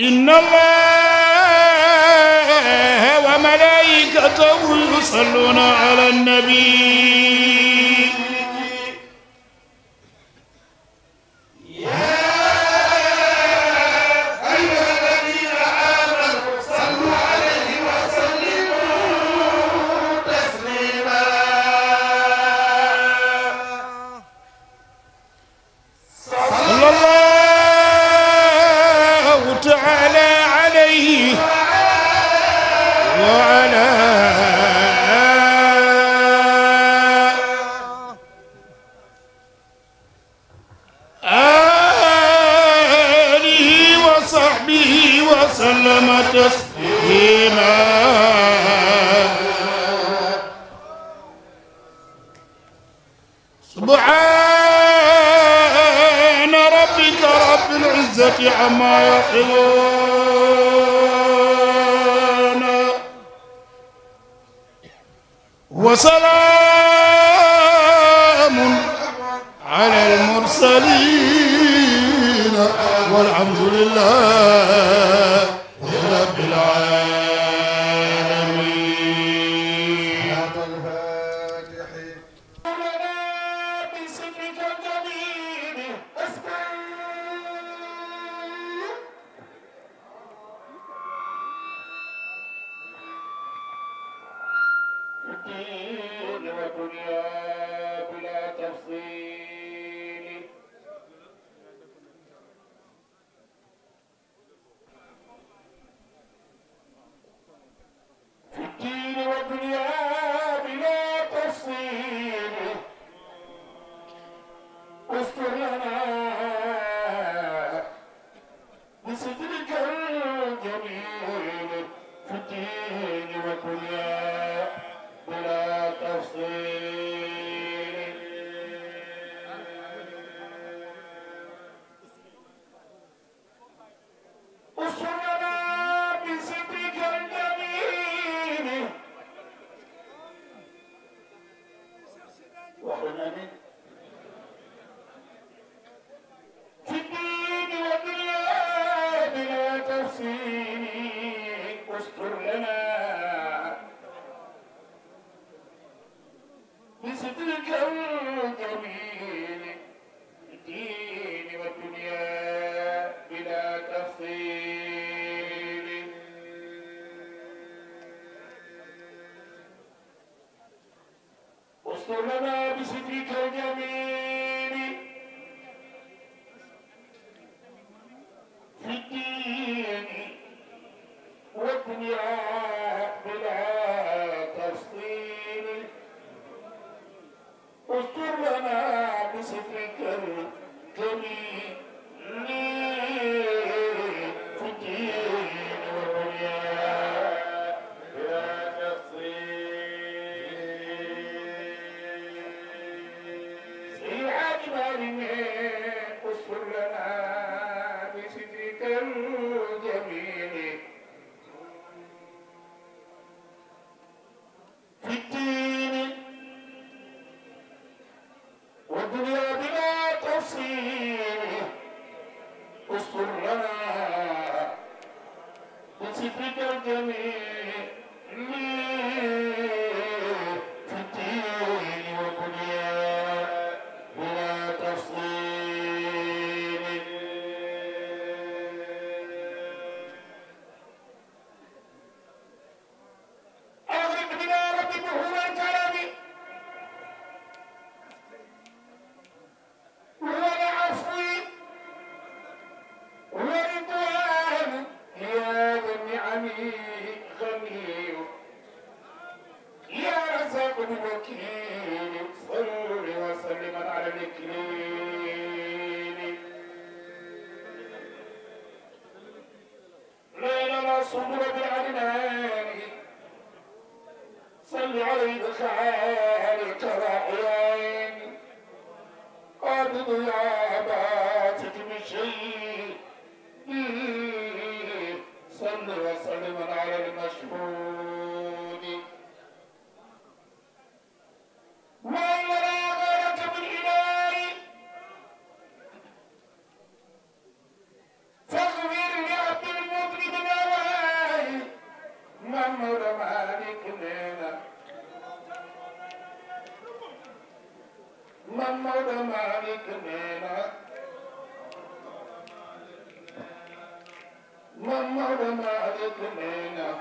إن الله وملائكته يصلون على النبي نسيت لك أول الكنينة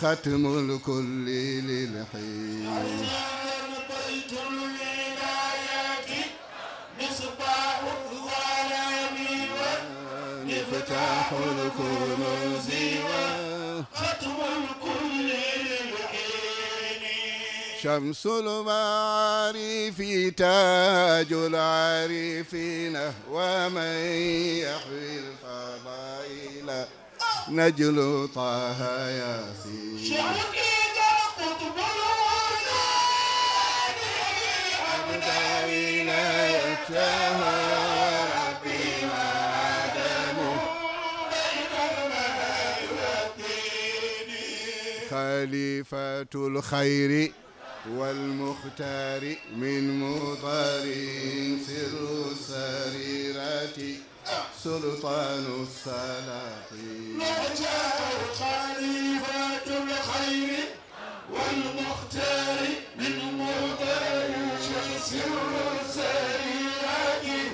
ختم الكل للحين مفتاح الكنوز وختم الكل للحين شمس المعارف تاج العارفين ومن يحوي الفضائل نجل طه ياسين شعرك إذا قطب الوردان أبدا ولايتها خليفة الخير والمختار من مضر سر السريرة سلطان السلاطين رجاء خليفة الخير والمختار من مدرج سر السريات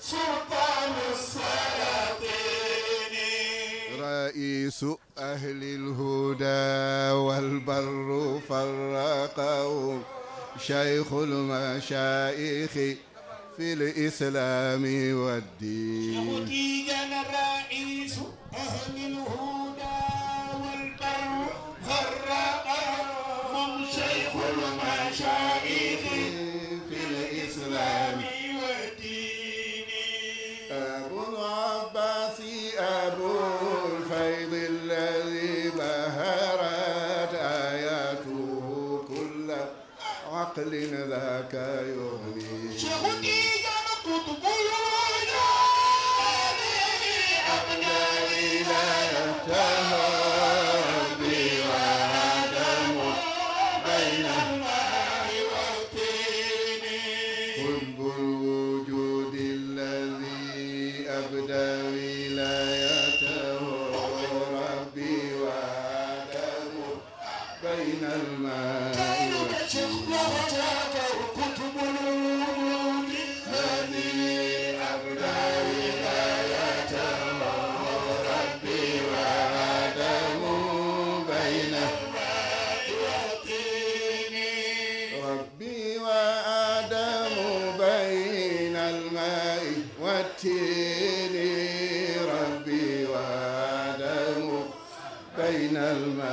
سلطان السلاطين رئيس أهل الهدى والبر فرقه شيخ المشايخ في الإسلام والدين شيخ الرئيس أهل الهدى والبر غرق هم شيخ المشايخ في الإسلام والدين أبو العباس أبو الفيض الذي بهرت آياته كل عقل ذاك يرى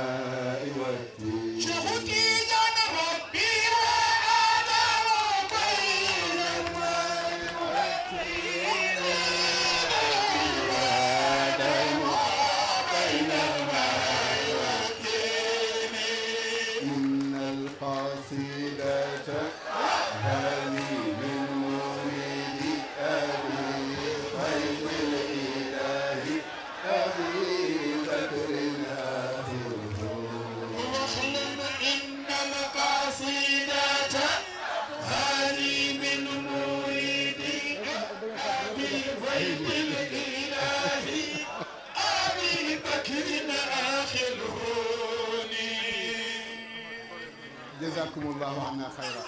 a jazaakallahu anna xayra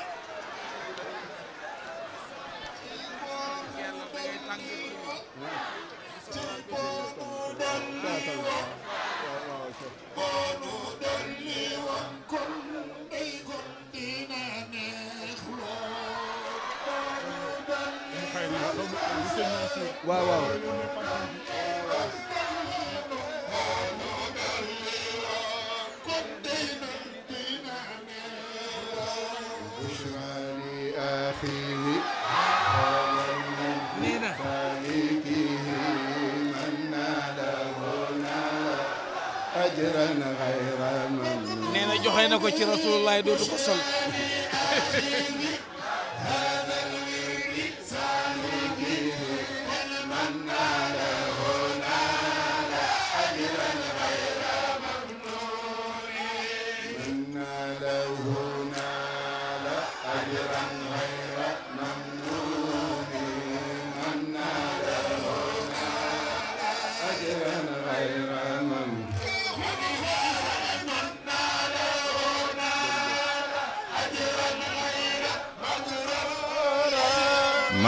waaw waaw nee na joxe na ko ci rasulullah dootu ko sol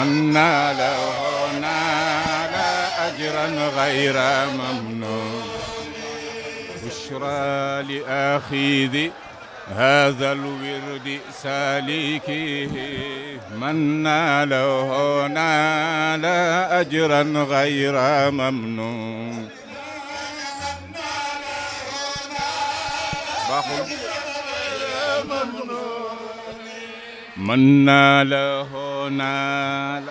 أنا لو نال أجرا غير ممنون بشرى لآخذ هذا الورد سالكه من ناله نال أجرا غير ممنون من ناله ينال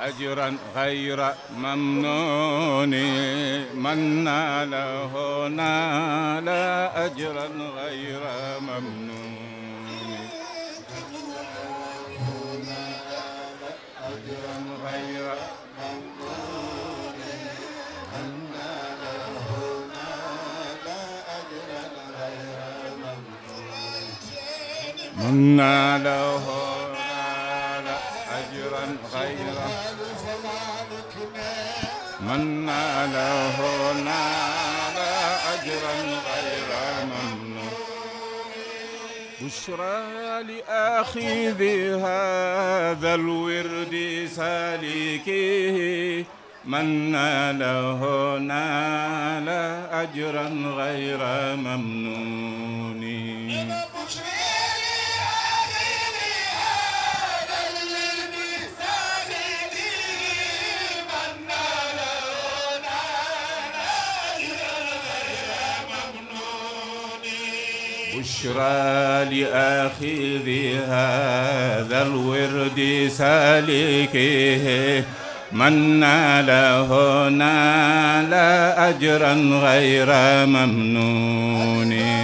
أجرا غير ممنون من ناله نال أجرا غير ممنون من ناله خيرا من ناله نال أجرا غير ممنون بشرى لأخي ذي هذا الورد سالكيه من ناله نال أجرا غير ممنون بشرى لأخي ذي هذا الورد سالكه من ناله نال أجرا غير ممنون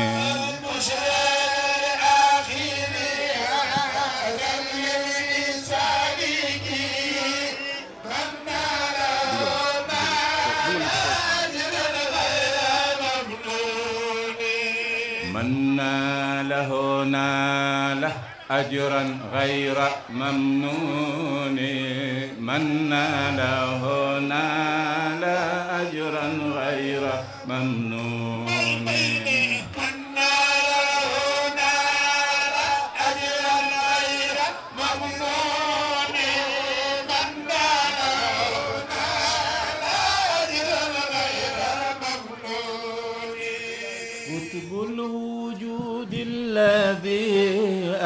anna lahu naala ajran ghayra mamnuni man lahu naala ajran ghayra mamnuni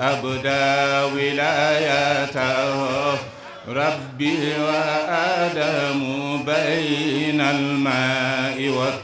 أبدى ولايته ربي وآدم بين الماء والطين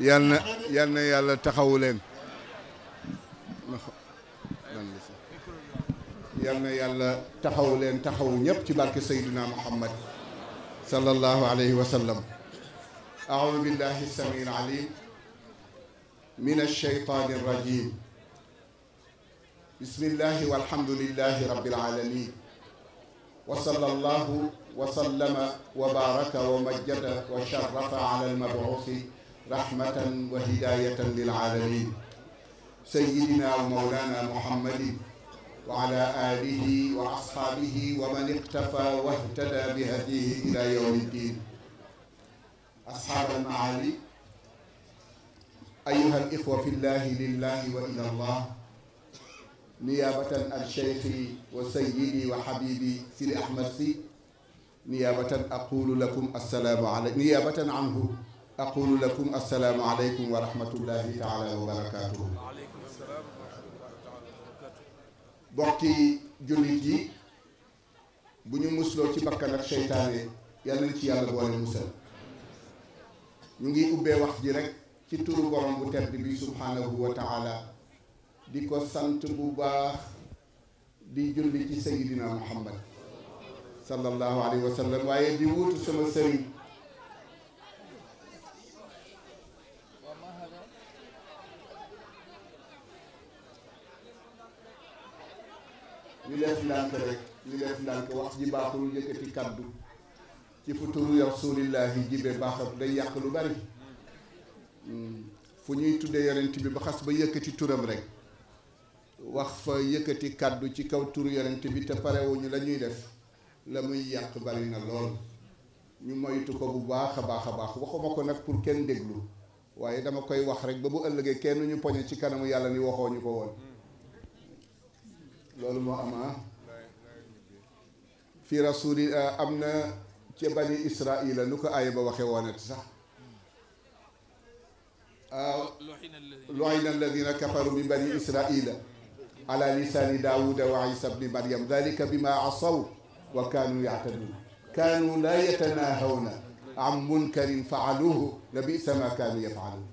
yal na yal na yàlla taxawu leen yal na yàlla taxawu leen taxawu ñëpp ci barke Seydina Muhammad sallallahu alayhi wa sallam أعوذ بالله السميع العليم من الشيطان الرجيم بسم الله والحمد لله رب العالمين وصلى الله وسلم وبارك ومجد وشرف على المبعوث rahmatan wa hidayatan lil alamin sayyidina wa mawlana muhammadin wa ala alihi wa ashaabihi wa man iqtafa wa ihtada bi hadihi ila yawmi ddin ashaab al maali ayuha al ixwa fi llahi lillahi wa ila llah niyaabatan an cheikhi wa sayyidi wa habibi Sidi Ahmed Sy niyaabatan aqulu lakum assalaamu aleykum niyaabatan anhu aqulu lakum assalaamu aleykum wa rahmatullahi taala wa barakaatuhu bokki jullit yi bu ñu musloo ci bakkan ak seytaane yal nañ ci yàlla boole musal ñu ngi ubbee wax ji rek ci turu borom bu tedd bi subhaanahu wa taala di ko sant bu baax di julli ci sayidina muhammad sallallahu alayhi wa sallam waaye di wuutu sama sëriñ ñu def ndànk rek ñu def ko wax ji baaxul yëkkati kaddu ci fu turu rasulillahi jibe baaxam day yàq lu bari hmm. fu ñuy tuddee yonent bi ba xas ba yëkkati turam rek wax fa yëkkati kaddu ci kaw turu yonent bi te parewuñu la ñuy def la muy yàq bari na lool ñu moytu ko bu baax a baax a baax waxuma ko nag pour kenn déglu waaye dama koy wax rek ba bu ëllëgee kenn ñu poñe ci kanamu yàlla ni waxoo ñu ko woon loolu moo ama ah. fi rasuli eh, am na ci bani israila nu ko aaya ba waxe woonati sax ah, lu'ina alladina kafaru min bani israila ala lisani daawuda wa isa bni maryam dalika bima asaw wa kanu ya'tadun kanu la yatanahawna an munkarin faaluhu la bisa ma kanu yafaluun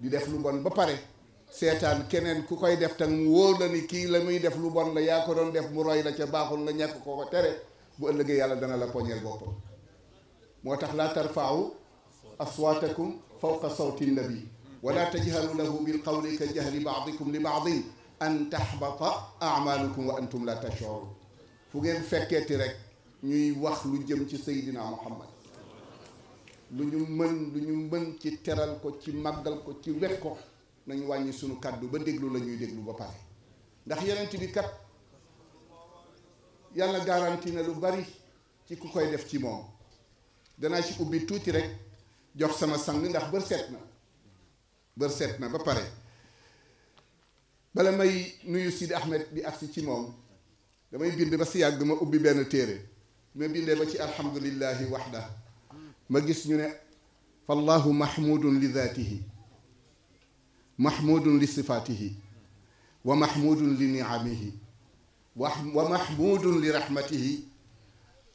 di def lu bon ba pare seetaan keneen ku koy def tam woo wóor la ni kii la muy def lu bon la yaa ko doon def mu roy la ca baaxul nga ñàkk ko ko tere bu ëllëgee yàlla dana la poñeel boppam moo tax laa tarfaawu aswaatakum fawqa sawti nabi wala tajharu lahu bil qawli ko jahri baadikum li baadin an taxbata amalukum wa antum la tashurun fu ngeen fekkeeti rek ñuy wax lu jëm ci Seydina Muhammad lu ñu mën lu ñu mën ci teral ko ci màggal ko ci wet ko nañ wàññi sunu kàddu ba déglu la ñuy déglu ba pare ndax yonent bi kat yàlla garanti na lu bari ci ku koy def ci moom danaa ci ubbi tuuti rek jox sama sang ndax bër set na bër set na ba pare bala may nuyu Sidi Ahmed bi agsi ci moom damay bind ba si yàgg ma ubbi benn téere ma bindee ba ci alhamdulillahi waxda ma gis ñu ne fallahu mahmudun li zaatihi mahmudun li sifaatihi wa mahmudun li niamihi wa wa mahmudun li rahmatihi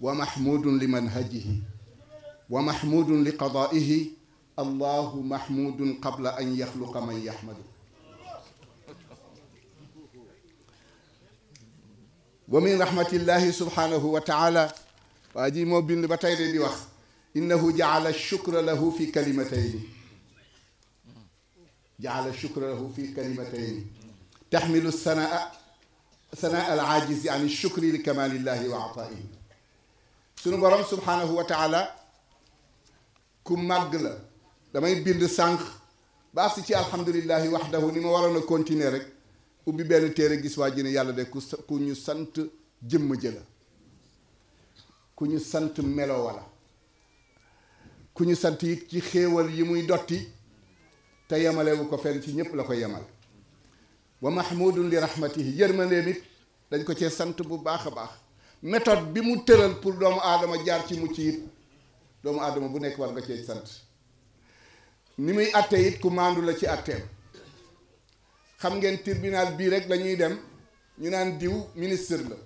wa mahmudun li manhajihi wa mahmudun li qadaihi allahu mahmudun qabla an yaxluqa man yaxmadu wa min rahmatillahi subhanahu wa taala waa ji moo bind ba tey de di wax innahu jaala shukra lahu fi kalimatayni jaala shukrahu fi kalimatayni taxmilu sanaa sanaa al aajizi an shukri li kamalillahi wa ataihi sunu borom subhanahu wa ku màgg la damay bind sànq baas si ci alhamdulillahi waxdahu ni ma waroon a continuer rek ubbi benn téere gis waa ji yàlla de ku ñu sant jëmm jëla ku ñu sant melo wala ku ñu sant it ci xéewal yi muy dotti te yemalewu ko fenn ci ñëpp la ko yemal wa mahmudun li rahmatihi yërmandeem it dañ ko cee sant bu baax a baax méthode bi mu tëral pour doomu aadama jaar ci mucc it doomu aadama bu nekk war nga cee sant ni muy atte it ku maandu la ci atteem xam ngeen tribunal bii rek lañuy dem ñu naan diw ministre la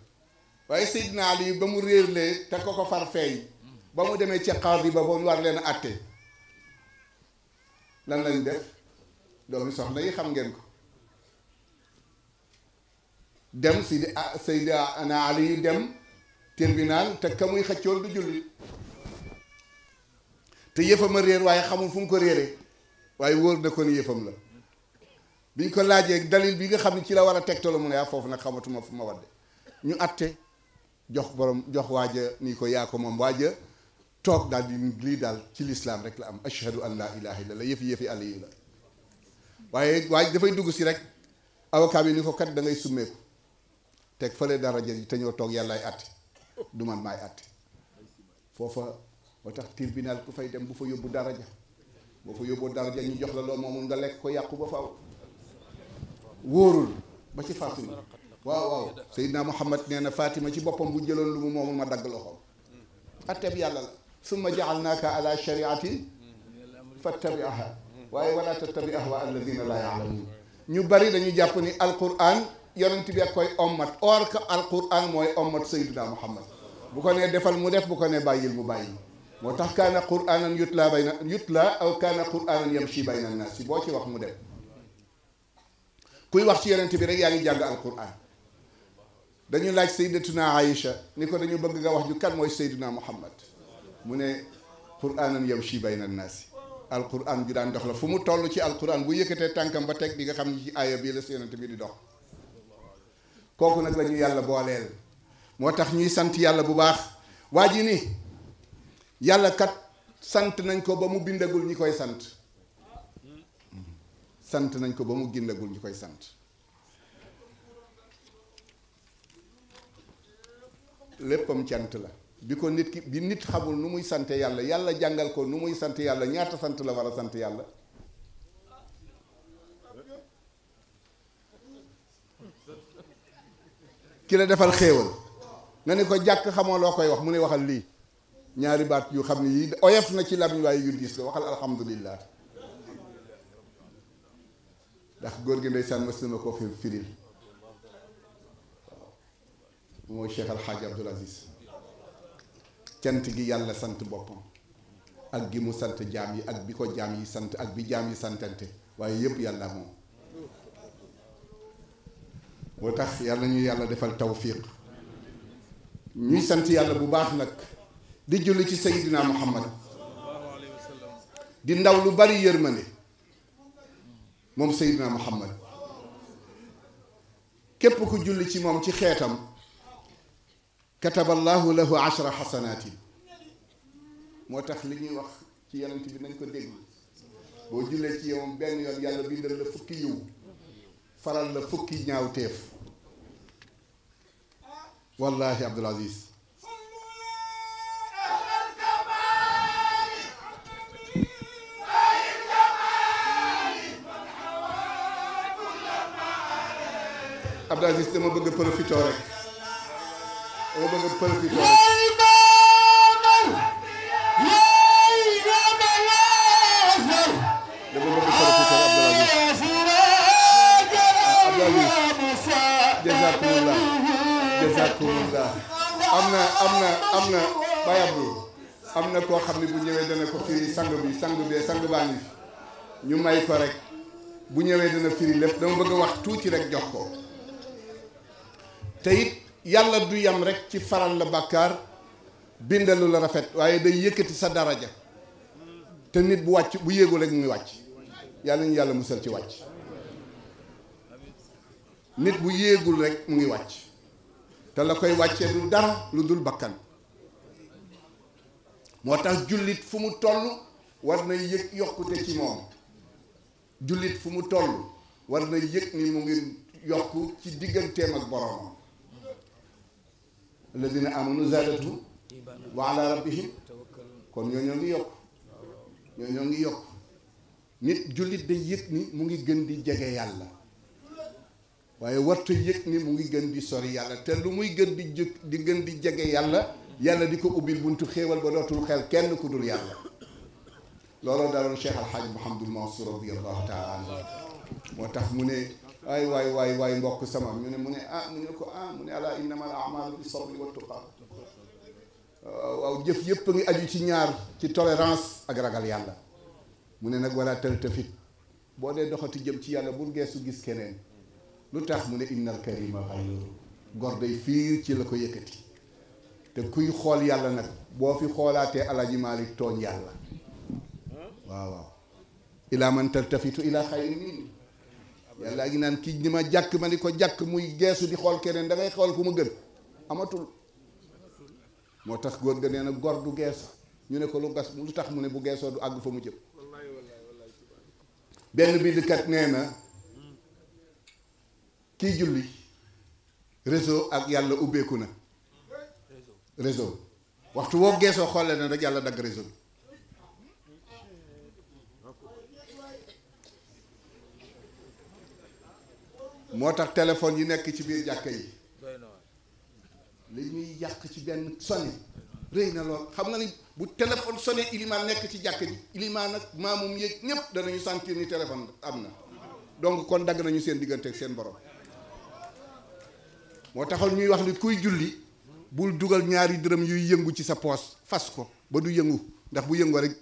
waaye Seydina Ali ba mu réerlee te ko ko far feey ba mu demee ci xaar bi ba ba mu war leen atte lan lañ def doomi soxna yi xam ngeen ko dem si di ah, Seydina Ali dem naan te ka muy xëccoon du jullit te yëfam a réer waaye xamul fu mu ko réeree waaye wóor na ko yëfam la ko laajee dalil bi nga xam ne ci la war a tegtalu mu ne ah, foofu nag xamatuma fu ma wadde ñu atte jox borom jox waaja ni ko yaa ko moom waaja toog daal di lii daal ci lislaam rek la am ashhadu an laa ilaha illa la yëfi yëfi àll yi la waaye waaye dafay dugg si rek avocat bi ni ko kat da ngay summeeku teg fële dara jël te ñoo toog yàllaay àtte du man maay àtte foofa ba tax tribunal ku fay dem bu fa yóbbu daraja boo fa yóbboo daraja ñu jox la loo moomul nga lekk ko yàqu ba faaw wóorul ba ci Fatima waaw waaw Seydina Muhammad nee na Fatima ci boppam bu jëloon lu mu moomul ma dagg loxoom atteeb yàlla la summa ja'alnaaka ala shari'atin fattabi'aha waaye wala tattabi ahwa alladina laa yaalamuun ñu bari dañu jàpp ni alquran yonent bi ak koy ommat or que alquran mooy ommat sayyidina muhammad bu ko nee defal mu def bu ko nee bàyyil mu bàyyi moo tax kaana quranan yutla bayna yutla aw kaana quranan yamshi bayna naas boo ci wax mu dem kuy wax ci yonent bi rek yaa ngi jàng alquran dañu laaj sayyidatuna Aïcha ni ko dañu bëgg nga wax ju kan mooy sayyidina muhammad mu ne quranan yamshi bayna naas alquran ju daan dox la fu mu toll ci alquran bu yëkkatee tànkam ba teg di nga xam ni ci aaya bii la si yonent bi di dox kooku nag la yàlla booleel moo tax ñuy sant yàlla bu baax waa ji ni yàlla kat sant nañ ko ba mu bindagul ñi koy sant sant nañ ko ba mu gindagul ñi koy sant léppam cant la bi ko nit ki bi nit xamul nu muy sant yàlla yàlla jàngal ko nu muy sant yàlla ñaata sant la war a sant yàlla ki la defal xéewal nga ne ko jàkk xamoo loo koy wax mu ne waxal lii ñaari baat yu xam ne yii oyof na ci làmmiñ waaye yu diis la waxal alhamdulillah ndax góor gi ndeysaan mas na ma koo fi firil mooy Cheikh Alxaaji Abdul Aziz cant gi yàlla sant boppam ak gi mu sant jaam yi ak bi ko jaam yi sant ak bi jaam yi santante waaye yépp yàlla moom moo tax yàlla ñu yàlla defal tawfiq ñuy sant yàlla bu baax nag di julli ci Seydina Muhammad di ndaw lu bari yërmande moom Seydina Muhammad képp ku julli ci moom ci xeetam kataballaahu lahu ashra xasanaatin moo tax li ñuy wax ci yonent bi nañ ko dégg boo jullee ci yow benn yoon yàlla bindal la fukki yiw faral la fukki ñaaw teef wallahi abdul aziz abdul aziz dama bëgg profitoo rek dama bëgg a profité jazakumullah jazakumullah am na am na am na bayablu am na koo xam ne bu ñëwee dana ko firi sang bi sang bee sang baa ngi fi ñu may ko rek bu ñëwee dana firi lépp dama bëgg a wax tuuti rek jox ko te yàlla du yam rekk ci faral la bàkkaar bindalu la rafet waaye day yëkkati sa daraja te nit bu wàcc bu yéegul rek muy wàcc yàlla ñu yàlla musal ci wàcc nit bu yéegul rekk mu ngi wàcc te la koy wàcce du dara lu dul bakkan moo tax jullit fu mu toll war na yëg yokkute ci moom jullit fu mu toll war na yëg ni mu ngi yokk ci digganteem ak boroomam alladina amanu zaadatuhum wa ala rabbihim kon ñoo ñoo ngi yokk ñoo ngi yokk nit jullit day yëg ni mu ngi gën di jege yàlla waaye warta yëg ni mu ngi gën di sori yàlla te lu muy gën di jëkk di gën di jege yàlla yàlla di ko ubbil buntu xéewal ba dootul xel kenn ku dul yàlla looloo daloon Cheikh Alxaaji Mouhamadul Mansour radiallahu taala anhu moo tax mu ne ay waay waay waay mbokk sama ñu ne mu ne ah mu ne ko ah mu ne ala innamal a'malu bis sabri wat tuqa waaw jëf yëpp a ngi aju ci ñaar ci tolérance ak ragal yàlla mu ne nag wala taltafit boo dee doxati jëm ci yàlla bul geesu gis keneen lu tax mu ne innal karima xayru gor yi fii ci la ko yëkkati te kuy xool yàlla nag boo fi xoolaatee alaji Maalik tooñ yàlla waaw waaw ilaa man taltafitu ilaa xayri minni yàllaa ngi naan kii ni ma jàkk ma ni ko jàkk muy geesu di xool keneen dangay xool ku ma gën amatul moo tax góor ga nee na gor du geesu ñu ne ko lu gas lu tax mu ne bu geesoo du àgg fa mu jëm benn bindkat nee na kii julli réseau ak yàlla ubbeeku na réseau waxtu woo geesoo xoolee na rek yàlla dagg réseau moo tax téléphone yi nekk ci biir jàkka yi li ñuy yàq ci benn sonné rëy na lool xam nga ni bu téléphone sonné ilimaan nekk ci jàkka ji ilimaan nag maamum yéeg ñëpp danañu sentir ni téléphone am na donc kon dagg nañu seen diggante ak seen borom moo taxoon ñuy wax ni kuy julli bul dugal ñaari dërëm yuy yëngu ci sa poos fas ko ba du yëngu ndax bu yëngu rek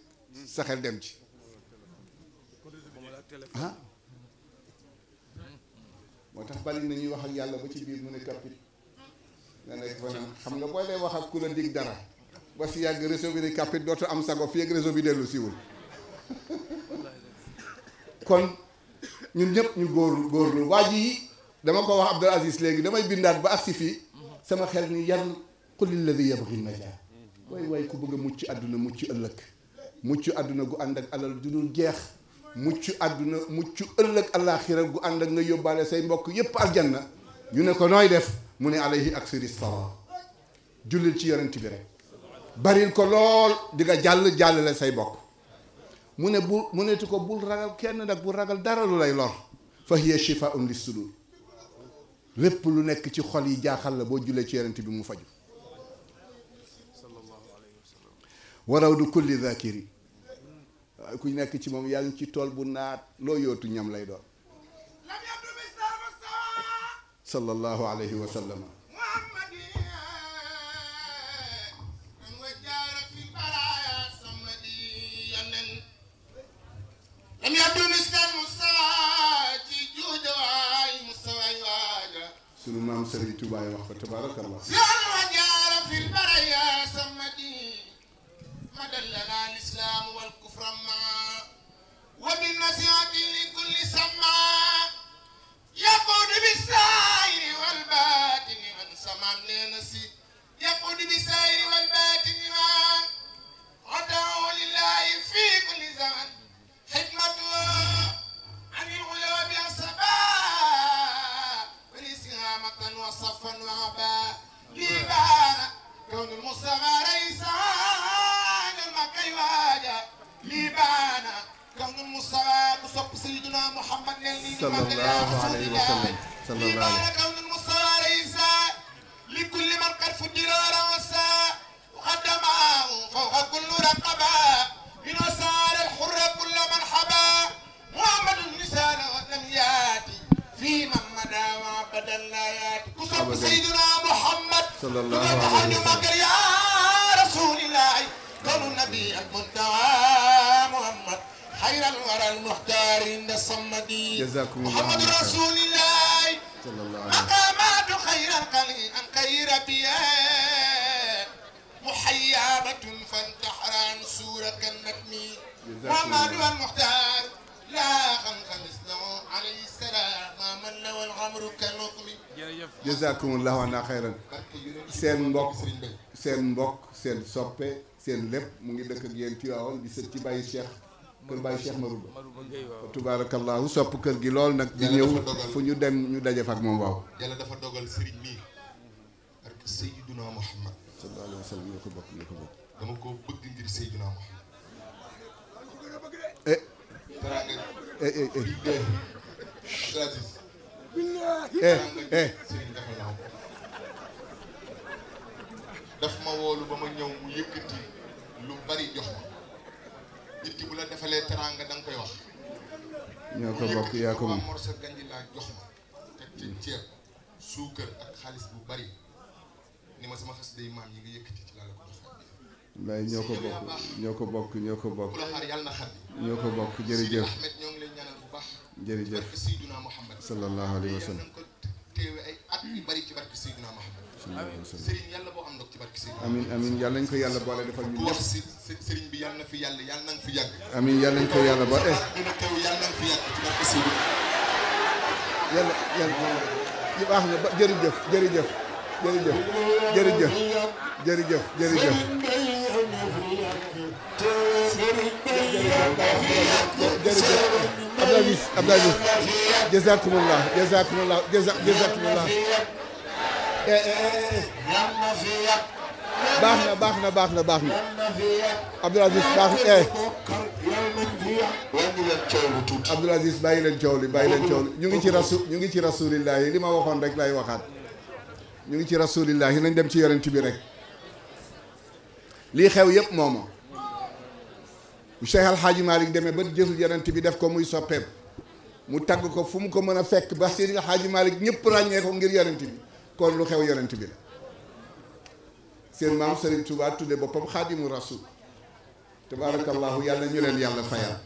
sa xel dem ci ah moo tax bari nañuy wax ak yàlla ba ci biir mu ne kappit nga nekk fa naan xam nga booy lay wax ak ku la dig dara ba si yàgg réseau bi ne kappit dootu am sago fii ak réseau bi dellu siwul kon ñun ñëpp ñu góor góorlu waa ji dama ko wax Abdul Aziz léegi damay bindaat ba agsi fii sama xel ni yan xulil la di yabxi najaa waay waay ku bëgg a mucc àdduna mucc ëllëg mucc àdduna gu ànd ak alal ju dul jeex mucc àdduna mucc ëllëg àllaaxira gu ànd ak nga yóbbaale say mbokk yépp aljanna ñu ne ko nooy def mu ne alayhi aksiri salaa jullil ci yonent bi rek baril ko lool di nga jàll jàllale say bokk mu ne bul mu neti ko bul ragal kenn nag bul ragal dara lu lay lor fa hiya shifaun lis sudur lépp lu nekk ci xol yi jaaxal la boo jullee ci yonent bi mu faju waraw du kulli zakiri waaye ku nekk ci moom yàlla ci tool bu naat loo yootu ñam lay doon sallallahu alayhi wa sallam sunu maam Serigne Touba wax ko tabaarakallah مدى لنا الإسلام والكفر معا وبالنصيحة لكل سماع يقود بالسائر والباطن عن سمام لنسي يقود بالسائر والباطن عن عداه لله في كل زمن خدمته عن الغلو بالصباح والإسلام وصفا وعبا لبارة كون المصطفى رئيسا lii baana kawnul mustawa bu sopp sayyiduna muhammad nel ni sallallahu alayhi wa sallam lii baana kawnul mustawa reisa li kulli man qad fujjira rawsa وقدمه فوق كل رقبة من وسار الحر كل مرحبا محمد الرسالة ولم ياتي في من مدى وابدا لا ياتي كسب سيدنا محمد صلى الله عليه وسلم يا رسول الله أثقل النبي المنتهى محمد خير الورى المختار عند الصمد جزاكم الله محمد رسول الله صلى الله عليه وسلم مقامات خير القليل أن خير بها محيابة فانتحر عن سورة كالنجم محمد المختار لا خمخ مثله عليه السلام ما من والغمر كالنقم جزاكم الله عنا خيرا سين بوك سين بوك سين سوبي seen lépp mu ngi dëkk ak yéen Tiwaawan di sët ci Baye Cheikh kër Baye Cheikh Marouba tabaarakallaahu sopp kër gi lool nag di ñëw fu ñu dem ñu daje fa ak moom waaw dafa dogal sëriñ mii ak Seydina Muhammad ko bokk ñoo lu bari jox ma nit ki bu la defalee teraanga da koy wax. ñoo ko bokk yaa ko moom morso ganji laa jox ma teg ci ceeb suukar ak xaalis bu bari ni ma sama xas day maam yi nga yëkkati ci laa la ko joxee. waaye bokk ñoo ko bokk ñoo ko bokk. la xaar yàlla xar ñoo ko bokk jërëjëf Ahmed ñoo ngi lay ñaanal bu baax. jërëjëf barke Seydina Mouhamed. sallallahu alayhi wa bari ci sëriñ yàlla boo am ndox ci barke sëriñ amin amin yàlla nañ ko yàlla boole defal ñu wax si bi yàlla na yàlla yàlla nañ fi yàgg amin yàlla ko yàlla ba eh dina teew yàlla nañ fi yàgg ci barke sëriñ yàlla yàlla yal na fi yàq baax na baax na baax na baax na Abdoul Aziz baax na eh. Abdoul Aziz bàyyi leen coow li bàyyi leen coow li ñu ngi ci rasu ñu ngi ci rasulillahi li ma waxoon rek lay waxaat ñu ngi ci rasulillahi nañ dem ci yonent bi rek lii xew yëpp mooma bu Cheikh Al Hadji Malick demee ba jël yonent bi def ko muy soppeem mu tagg ko fu mu ko mën a fekk ba Seydi Al Hadji Malick ñëpp ràññee ko ngir yonent bi kon lu xew yonent bi la seen maam Serigne Touba tudde boppam xaadimu rasul tabaarakallaahu yàlla ñu leen yàlla fayal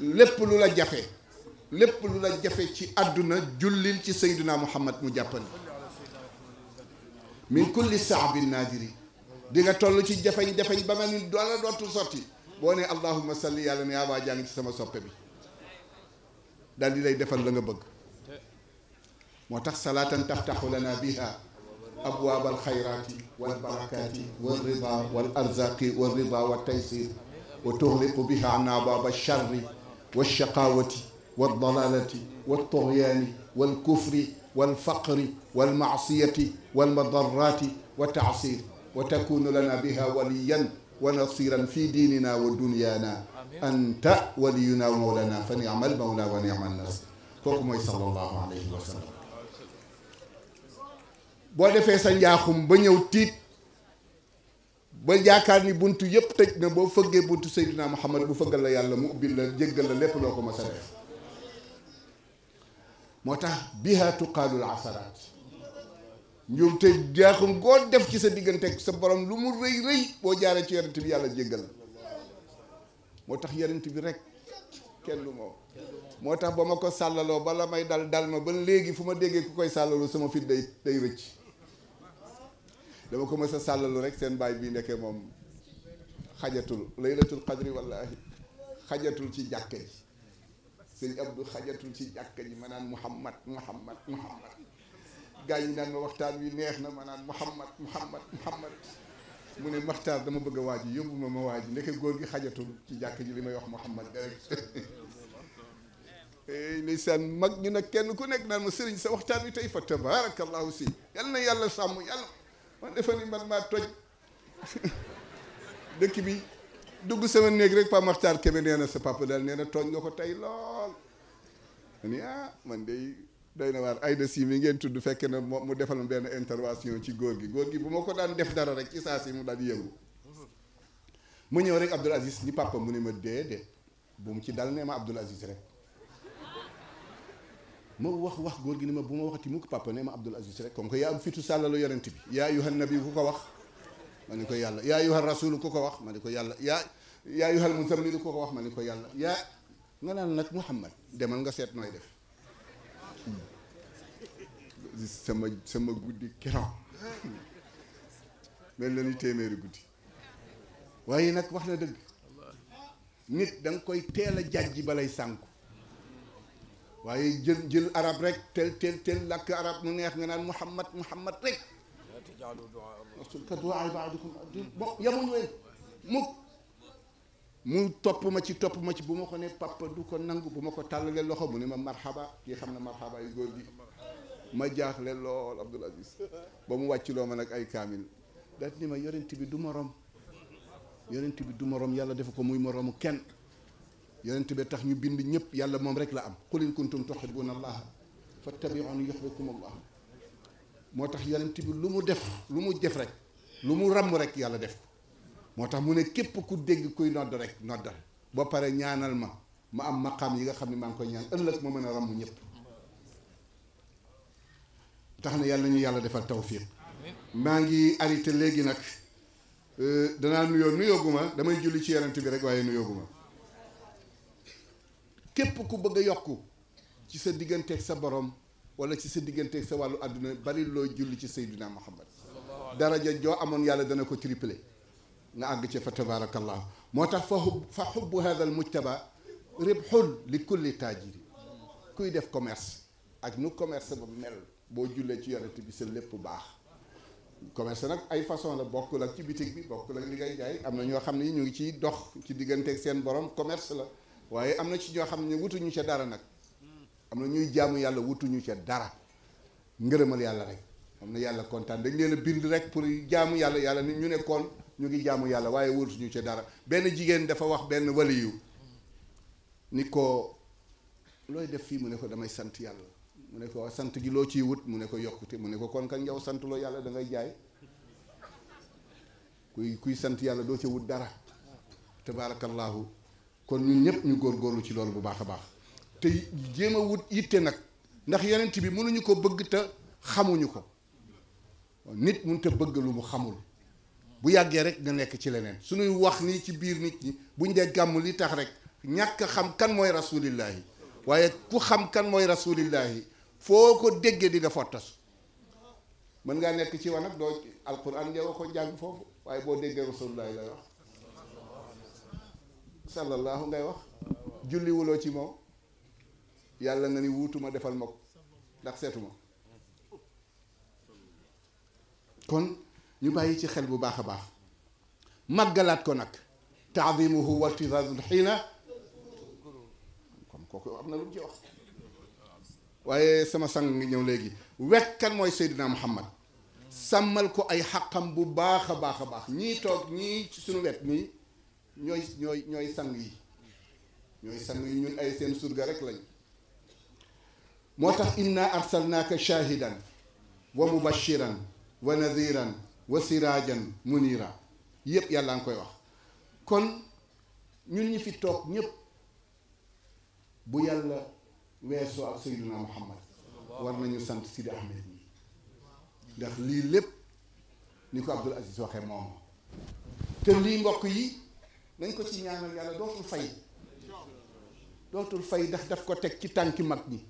lépp lu la jafe lépp lu la jafe ci àdduna jullil ci sayduna muhammad mu jàppani min kulli saabin naadiri di nga toll ci jafeñ jafeñ ba nga ni doola dootul sotti boo ne allahumma salli yàlla ne yaa waa ci sama soppe bi daal di lay defal la nga bëgg moo tax salaatan taftaxu lana biha abwaab alxayraati walbarakaati walrida walarzaqi walrida waltaysir wa tuxliqu biha ana baaba alcharri walchaqaawati waldalalati waltuxyaani walkufri walfaqri walmacsiyati walmadarraati watacsir wa takunu lana biha waliyan wa nasiran fi diinina wa dunyaana anta waliyuna wa mawlana fa nicma almawla wa nicma alnasir kooku mooy sallallahu alayhi wa sallam boo defee sa njaaxum ba ñëw tiit ba yaakaar ni bunt yëpp tëj na boo fëggee bunt buntu Seydina Muhammad bu fëggal la yàlla mu ubbil la jéggal la lépp loo ko ma a def moo tax biha tuqaalul asaraat njuum te njaaxum goo def ci sa diggante ak sa borom lu mu rëy rëy boo jaaree ci yonent bi yàlla jéggal la moo tax yonent bi rek kenn lu ma moo tax ba ma ko sàllaloo la may dal dal ma ba léegi fu ma déggee ku koy sàllaloo sama fit day day rëcc dama ko mës a sàllalu rek seen baay bii nekkee moom xajatul laylatul qadri wallahi xajatul ci jàkk ji sëñ Abdou xajatul ci jàkka ji ma naan Muhammad Muhammad Muhammad gaa yi naan ma waxtaan wi neex na ma naan Muhammad Muhammad Muhammad mu ne maxtaar dama bëgg waaj yi yóbbu ma ma waaj yi ndeke góor gi xajatul ci jàkk ji li may wax Muhammad rek seen eh, mag ñu nag kenn ku nekk naan ma sëriñ sa waxtaan wi tey fa tabarakallahu si yal na yàlla sàmm yàlla man defa ni man maa toj dëkk bi dugg sama néeg rek Pa Maxtaar Kébé nee na sa papa daal nee na tooñ nga ko tey lool ma ni ah man day doy na waar Aïda Sy mi ngeen tudd fekk na mu defal ma benn intervention ci góor gi góor gi bu ma ko daan def dara rek ci saa si mu daal yëngu mu ñëw rek Abdoul Aziz ni papa mu ni ma déedéet bu mu ci dal nee ma Abdoul Aziz rek ma wax wax góor gi ni ma bu ma waxati mukk papa ne ma Abdoul Aziz rek comme que yaa am fitu sàllalu yonent bi yaa ayuha nabi ku ko wax ma ni ko yàlla yaa ayuha rasul ku ko wax ma ni ko yàlla yaa yaa ayuha muzammil ku ko wax ma ni ko yàlla yaa nga naan nag Muhammad demal nga seet nooy def sama sama guddi keroog mel na ni téeméeri guddi waaye nag wax na dëgg nit da koy teel a jàjji balay sànku waaye jël jël arab rek tel tel tel làkk arab mu neex nga naan muhammad muhammad rek ka duaa baadukum bon yamuñ leen mukk mu topp ma ci topp ma ci bu ma ko ne papa du ko nangu bu ma ko tàllalee loxo mu ni ma marxaba kii xam na marxaba yu góor gi ma jaaxle lool Abdul Aziz ba mu wàcc loo ma nag ay kaamil daal ni ma yonent bi du morom yonent bi du moroom yàlla defu ko muy moroomu kenn yonent bi tax ñu bind ñëpp yàlla moom rek la am qul in kuntum tuhibbuna allaha fattabi'uni yuhibbukum allah moo tax yonent bi lu mu def lu mu def rek lu mu ràmm rek yàlla def moo tax mu ne képp ku dégg kuy nodd rek noddal ba pare ñaanal ma ma am maqaam yi nga xam ne maa ngi koy ñaan ëllëg ma mën a ràmm ñëpp tax na yàlla ñu yàlla defal tawfiq maa ngi arrêté léegi nag euh, danaa nuyoo nuyooguma damay julli ci yonent bi rek waaye nuyooguma képp ku bëgg a yokku ci sa digganteeg sa borom wala ci sa digganteeg sa wàllu àdduna bari loo julli ci Seydina Muhammad daraja joo amoon yàlla dana ko triplé nga àgg ci fa tabarakallah moo tax fa xub fa xubbu hada al mujtaba ribxul li kulli taajiri kuy def commerce ak nu commerce ba mel boo jullee ci yonent bi sa lépp baax commerce nag ay façon la bokkul ak ci bitig bi bokkul la li ngay jaay am na ñoo xam ne ñu ngi ciy dox ci digganteeg seen borom commerce la waaye am na ci ñoo xam ne wutuñu ca dara nag am na ñuy jaamu yàlla wutuñu ca dara ngërëmal yàlla rek am na yàlla kontaan dañ leen a bind rek pour jaamu yàlla yàlla ni ñu nekkoon ñu ngi jaamu yàlla waaye wutuñu ca dara benn jigéen dafa wax benn waliyu ni ko looy def fii mu ne ko damay sant yàlla mu ne ko sant gi loo ciy wut mu ne ko yokkute mu ne ko kon kan yow sant yàlla da ngay jaay kuy kuy sant yàlla doo ca wut dara tabaarakallaahu kon ñu ñëpp ñu góor góorlu ci loolu bu baax a baax te jéem a wut yitte nag ndax yonent bi mënuñu ko bëgg te xamuñu ko nit mun te bëgg lu mu xamul bu yàggee rek nga nekk ci leneen suñuy wax nii ci biir nit ñi buñ dee gàmm li tax rek ñàkk xam kan mooy rasulillahi waaye ku xam kan mooy rasulillahi foo ko déggee di nga fottas mën ngaa nekk ci wanag doo alquran yow ko jàng foofu waaye boo déggee rasulillahi la wax sallallahu ngay wax julli ci moom yàlla nga ni wuutuma defal ma ko ndax seetuma kon ñu bàyyi ci xel bu baax a baax màggalaat ko nag taadimuhu waltizaazul xiina comme kooku am na lu mu ci wax waaye sama sang ngi ñëw léegi wekkan mooy Seydina Muhammad sàmmal ko ay xaqam bu baax a baax a baax ñii toog ñii ci suñu wet nii ñooy ñooy ñooy sang yi ñooy sang yi ñun ay seen surga rek lañ moo tax inna arsalnaaka shaahidan wa mubashiran wa nadhiran wa siraajan munira yépp yàlla nga koy wax kon ñun ñi fi toog ñépp bu yàlla weesoo ak sayyiduna muhammad war nañu sant Sidi Ahmed ñi ndax lii lépp ni ko Abdul Aziz waxee moom te lii mbokk yi nañ ko ci ñaan yàlla dootul fay dootul fay ndax daf ko teg ci tànki mag ñi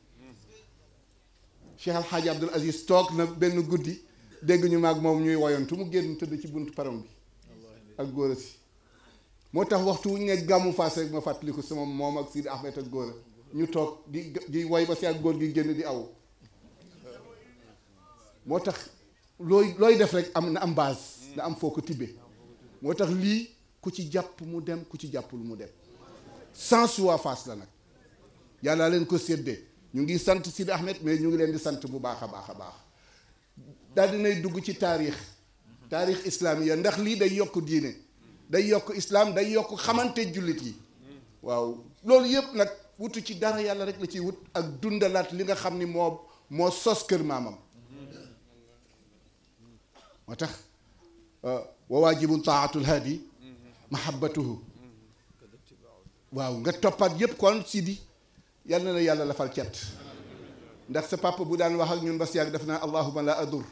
Cheikh Alxaaji Abdul Aziz toog na benn guddi dégg ñu maag moom ñuy woyantu mu génn tëdd ci bunt param bi ak góora si moo tax waxtu wu ñu ne gàmmu faas rek ma fàttaliku sama moom ak Sidi Ahmed ak góora ñu toog gi gi woy ba si ak góor gi génn di aw moo tax looy looy def rek am na am base na am foo ko tibbee moo tax lii ku ci jàpp mu dem ku ci jàppul mu dem sans waa Fass la nag yàlla leen ko séddee ñu ngi sant Sidi Ahmed mais ñu ngi leen di sant bu baax a baax a baax daal dinay dugg ci taarix islaam ya ndax lii day yokk diine day yokk islaam day yokk xamante jullit yi waaw loolu yëpp nag wutu ci dara yàlla rek la ciy wut ak dundalaat li nga xam ni moo moo sos kër maamam moo tax wa waajibu taatul haadi mahabbatuhu waaw nga toppaat yëpp kon Sidi yal na yàlla lafal cet ndax sa papa bu daan wax ak ñun ba si yàgg def naa allahuma la adur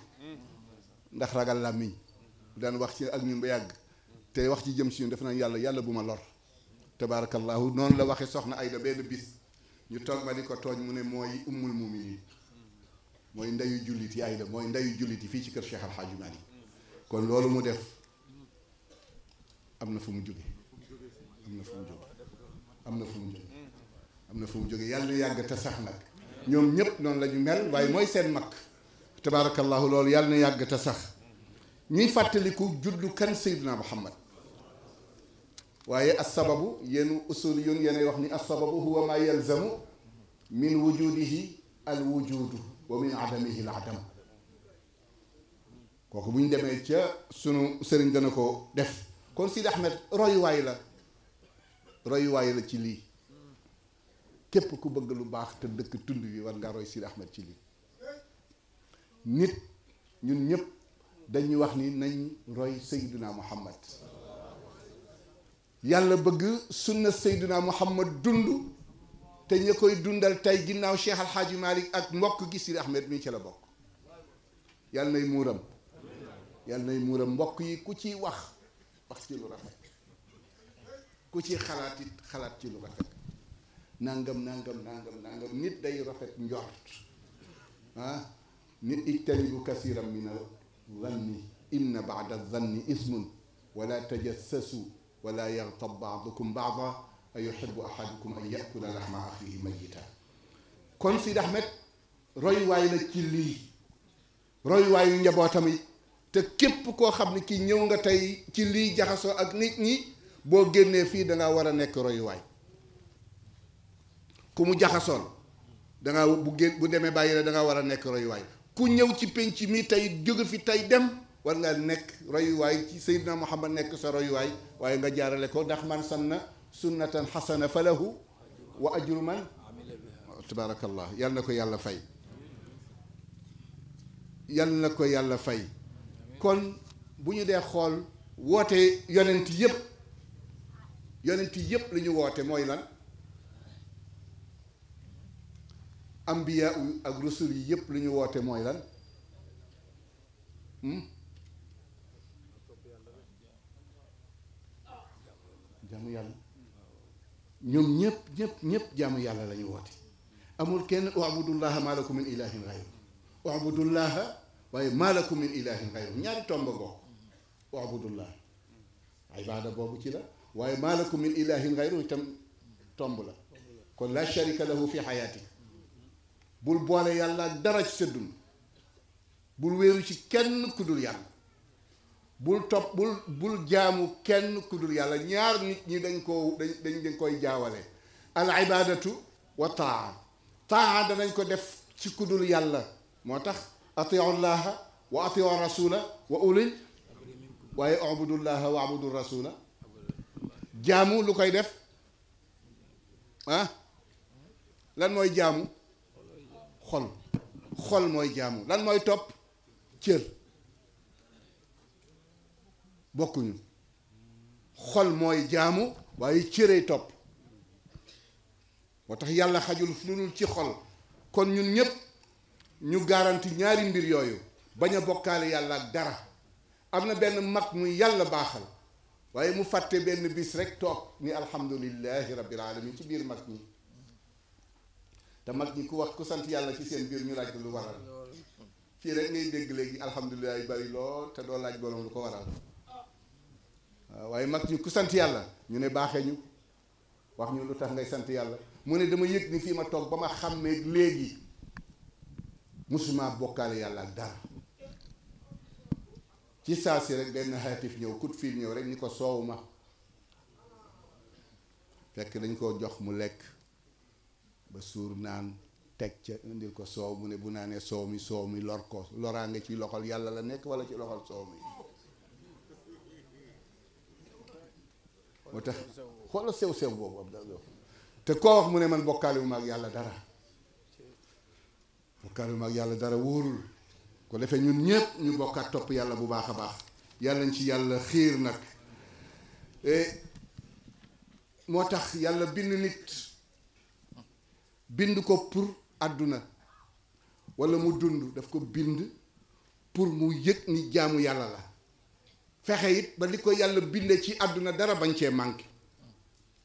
ndax ragal làmmiñ bu daan wax ci ak ñun ba yàgg te wax ci jëm si ñun def naa yàlla yàlla bu ma lor tabarakallahu noonu la waxee soxna Ayda benn bis ñu toog ma di ko tooñ mu ne mooy ummul muminin mooy ndeyu jullit yi Ayda mooy ndeyu jullit yi fii ci kër Cheikh Al Hadj kon loolu mu def am na fu mu jóge am na fu mu jóge am na fu na fu mu jóge yàlla sax nag ñoom ñëpp noonu la ñu mel waaye mooy seen mag tabaarakallaahu loolu yàlla na yàgg te sax ñuy fàttaliku juddu kan Seydina Muhammad waaye assababu yéen usul yun yéenay wax ni assababu huwa ma yalzamu min wujudihi al wujudu wa min adamihi al kooku bu ñu demee ca sunu sëriñ dana ko def kon Sidi Ahmed royuwaay la royuwaay la ci lii képp ku bëgg lu baax te dëkk tund wi war ngaa roy Sidi Ahmed ci lii nit ñun ñëpp dañuy wax ni nañ roy Seydina Muhammad yàlla bëgg sunna Seydina Muhammad dund te ña koy dundal tey ginnaaw Cheikh Al Hadj ak mbokk gi Sidi Ahmed mii ci la bokk yàlla nay muuram yàlla nay muuram mbokk yi ku ciy wax. wax ci lu ku ci xalaat it xalaat ci lu nangam nangam nangam nangam nit day rafet njort ah nit ijtanibu kasiran min al-zanni inna ba'da az-zanni ismun wala tajassasu wala yaghtab ba'dukum ba'dan ayuhibbu ahadukum an ya'kula lahma akhihi maytan kon Sidi Ahmed roy waay la ci roy waayu njabootam yi te képp koo xam ne ki ñëw nga tey ci lii jaxasoo ak nit ñi boo génnee fii danga war a nekk royuwaay ku mu jaxasool danga bu gén bu demee bàyyi la danga war a nekk royuwaay ku ñëw ci pénc mi tey jóge fi tey dem war nga nekk royuwaay ci Seydina Muhammad nekk sa royuwaay waaye nga jaarale ko ndax man na sunnatan xasana falahu wa ajru man tabaarakallah yal na ko yàlla fay yal na ko yàlla fay kon bu ñu dee xool woote yonent yëpp yonent yëpp lu ñu woote mooy lan ambiya ak yi yëpp lu ñu woote mooy lan hmm? jaamu yàlla ñoom ñëpp ñëpp ñëpp jàmm yàlla la ñu woote amul kenn ubudullaha ma lakum min ilahin ghayru ubudullaha waaye maalakum min ilahin xayru ñaari tomb bokk waabudullah ibaada boobu ci la waaye maalakum min ilahin xayru itam tomb la kon la sharika lahu fi xayaati bul boole yàlla dara ci sa dund bul wéeru ci kenn ku yàlla bul topp bul bul jaamu kenn ku dul yàlla ñaar nit ñi dañ koo dañ dañ koy jaawale al ibaadatu wa taa taa danañ ko def ci ku yàlla moo tax atiu llaha wa atiu rasula wa ulil waaye abudullaha wa abudu rasula jaamu lu koy def lan mooy jaamu xol xol mooy jaamu lan mooy topp cër bokkuñu xol mooy jaamu waaye cëree topp moo tax yàlla xajul lu dul ci xol kon ñun ñépp ñu garanti ñaari mbir yooyu bañ a bokkaale yàlla ak dara am na benn mag muy yàlla baaxal waaye mu fàtte benn bis rek toog ni alhamdulillahi rabbil alamin ci biir mag ñi te mag ñi ku wax ku sant yàlla ci seen biir ñu laaj lu waral fii rek ngay dégg léegi alhamdulilah yu bari lool te doo laaj borom lu ko waral waaye mag ñi ku sant yàlla ñu ne baaxee ñu wax ñu lu tax ngay sant yàlla mu ne dama yëg ni fii ma toog ba ma xàmmee léegi musuma bokkaale yàlla ak dara ci saa si rek benn xaatif ñëw kut fii ñëw rek ñu ko soow ma fekk dañ ko jox mu lekk ba suur naan teg ca indil ko soow mu ne bu naanee soow mi soow mi lor ko loraange ci loxol yàlla la nekk wala ci loxol soow mi moo tax xoola sew sew boobu ab te koo wax mu ne man bokkaale ak yàlla dara pour kàddu yàlla dara wóorul ko defee ñun ñëpp ñu bokkaat topp yàlla bu baax a baax yàlla ñu ci yàlla xiir nag e, moo tax yàlla bind nit bind ko pour àdduna wala mu dund daf ko bind pour mu yëg ni jaamu yàlla la fexe it ba li ko yàlla binde ci àdduna dara bañ cee manqué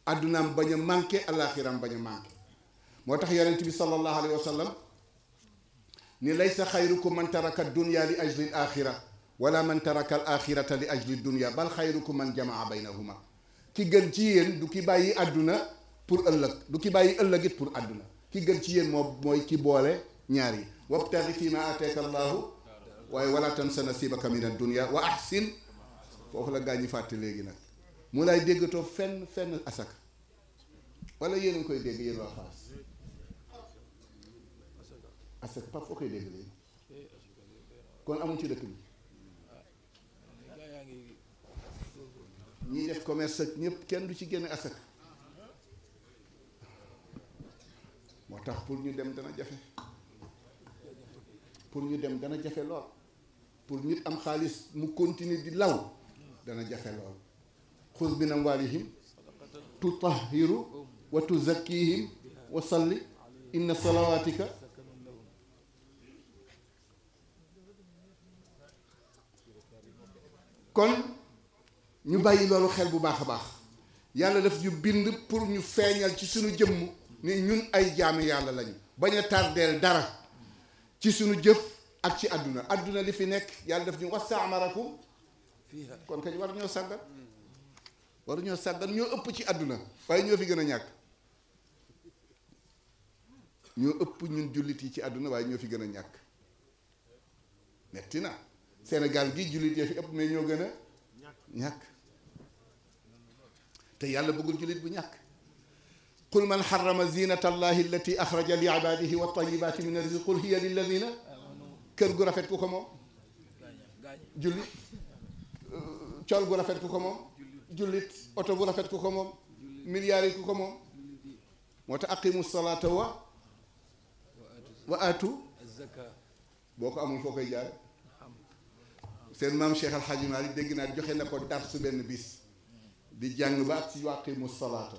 àddunaam bañ a manqué alaaxiraam bañ a manqué moo tax yonent bi sallallahu alayhi wa sallam ni laysa xayrukum man taraka dunya li ajli l axira wala man taraka al axirata li ajli dunya bal xayrukum man jamaa baynahuma ki gën ci yéen du ki bàyyi àdduna pour ëllëg du ki bàyyi ëllëg it pour àdduna ki gën ci yéen moo mooy ki boole ñaar yi wabtaxi fi ma ateeka allahu waaye wala tansa nasibaka min addunia wa ahsin foofu la gaa ñi fàtte léegi nag mu lay déggatoo fenn fenn asaka wala yéen a koy dégg yéen waa Fass aset par foo koy dégg léegi kon amuñ ci dëkk bi ñiy def commerce ak ñëpp kenn du ci génne aset moo tax pour ñu dem dana jafe pour ñu dem dana jafe lool pour nit am xaalis mu continuer di law dana jafe lool xuz min amwalihim tutahhiru wa tuzakkihim wa salli inna salawaatika kon ñu bàyyi loolu xel bu baax a baax yàlla daf ñu bind pour ñu feeñal ci suñu jëmm ne ñun ay jaam yàlla lañu bañ a tardeel dara ci suñu jëf ak ci àdduna àdduna li fi nekk yàlla daf ñu wastaamarakum kon kañ war ñoo sàggan war ñoo sàggan ñoo ëpp ci àdduna waaye ñoo gën a ñàkk ñoo ëpp ñun jullit yi ci àdduna waaye ñoo fi gën a ñàkk metti na Sénégal gi jullit yee fi ëpp mais ñoo gën a ñàkk te yàlla bëggul jullit bu ñàkk qul man xarama zinata allahi allati axraja li ibadihi wa tayibaati min arrisqi qul hiya lilladina kër gu rafet ku ko moom jullit col gu rafet ku ko moom jullit oto bu rafet ku ko moom milliards yi ku ko moom moo tax aqimu salaata wa wa aatu boo ko amul foo koy jaare seen maam Cheikh Al Hadj dégg naa joxe na ko dar su benn bis di jàng ba ak ci mu salaata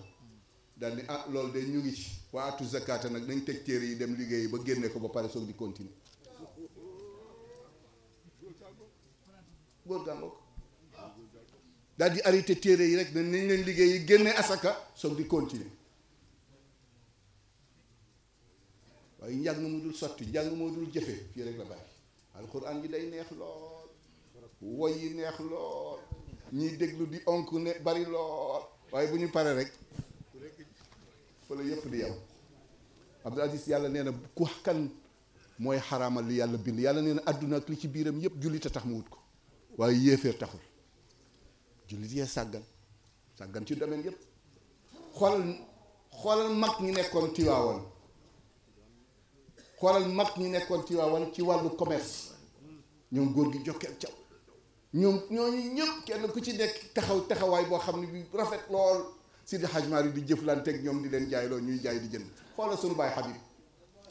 daal ah, loolu de ñu ngi ci waatu zakata nag nañ teg téere yi dem liggéey ba génne ko ba pare di continuer téere yi rek nañ leen liggéey yi génne asaka soog di continé waaye njàng mu dul sotti njàng moo dul jëfe fii rek la bàyyi alquran ji day neex lool woy yi neex lool ñiy déglu di onk ne bari lool waaye bu ñu paree rek fële yëpp di yem Abdul Aziz yàlla nee na ku kan mooy xaramal li yàlla bind yàlla nee na àdduna ak li ci biiram yëpp jullit a tax mu wut ko waaye yéeféer taxul jullit yee sàggan sàggan ci domaine yëpp xoolal xoolal mag ñi nekkoon Tiwaawan xoolal mag ñi nekkoon Tiwaawan ci wàllu commerce ñoom góor gi jokkeel caw ñoom ñooñu ñëpp kenn ku ci nekk taxaw taxawaay boo xam ne bi rafet lool Sidi Hadj Malick di jëflanteeg ñoom di leen jaayloo ñuy jaay di jënd xoolal suñu baay Habib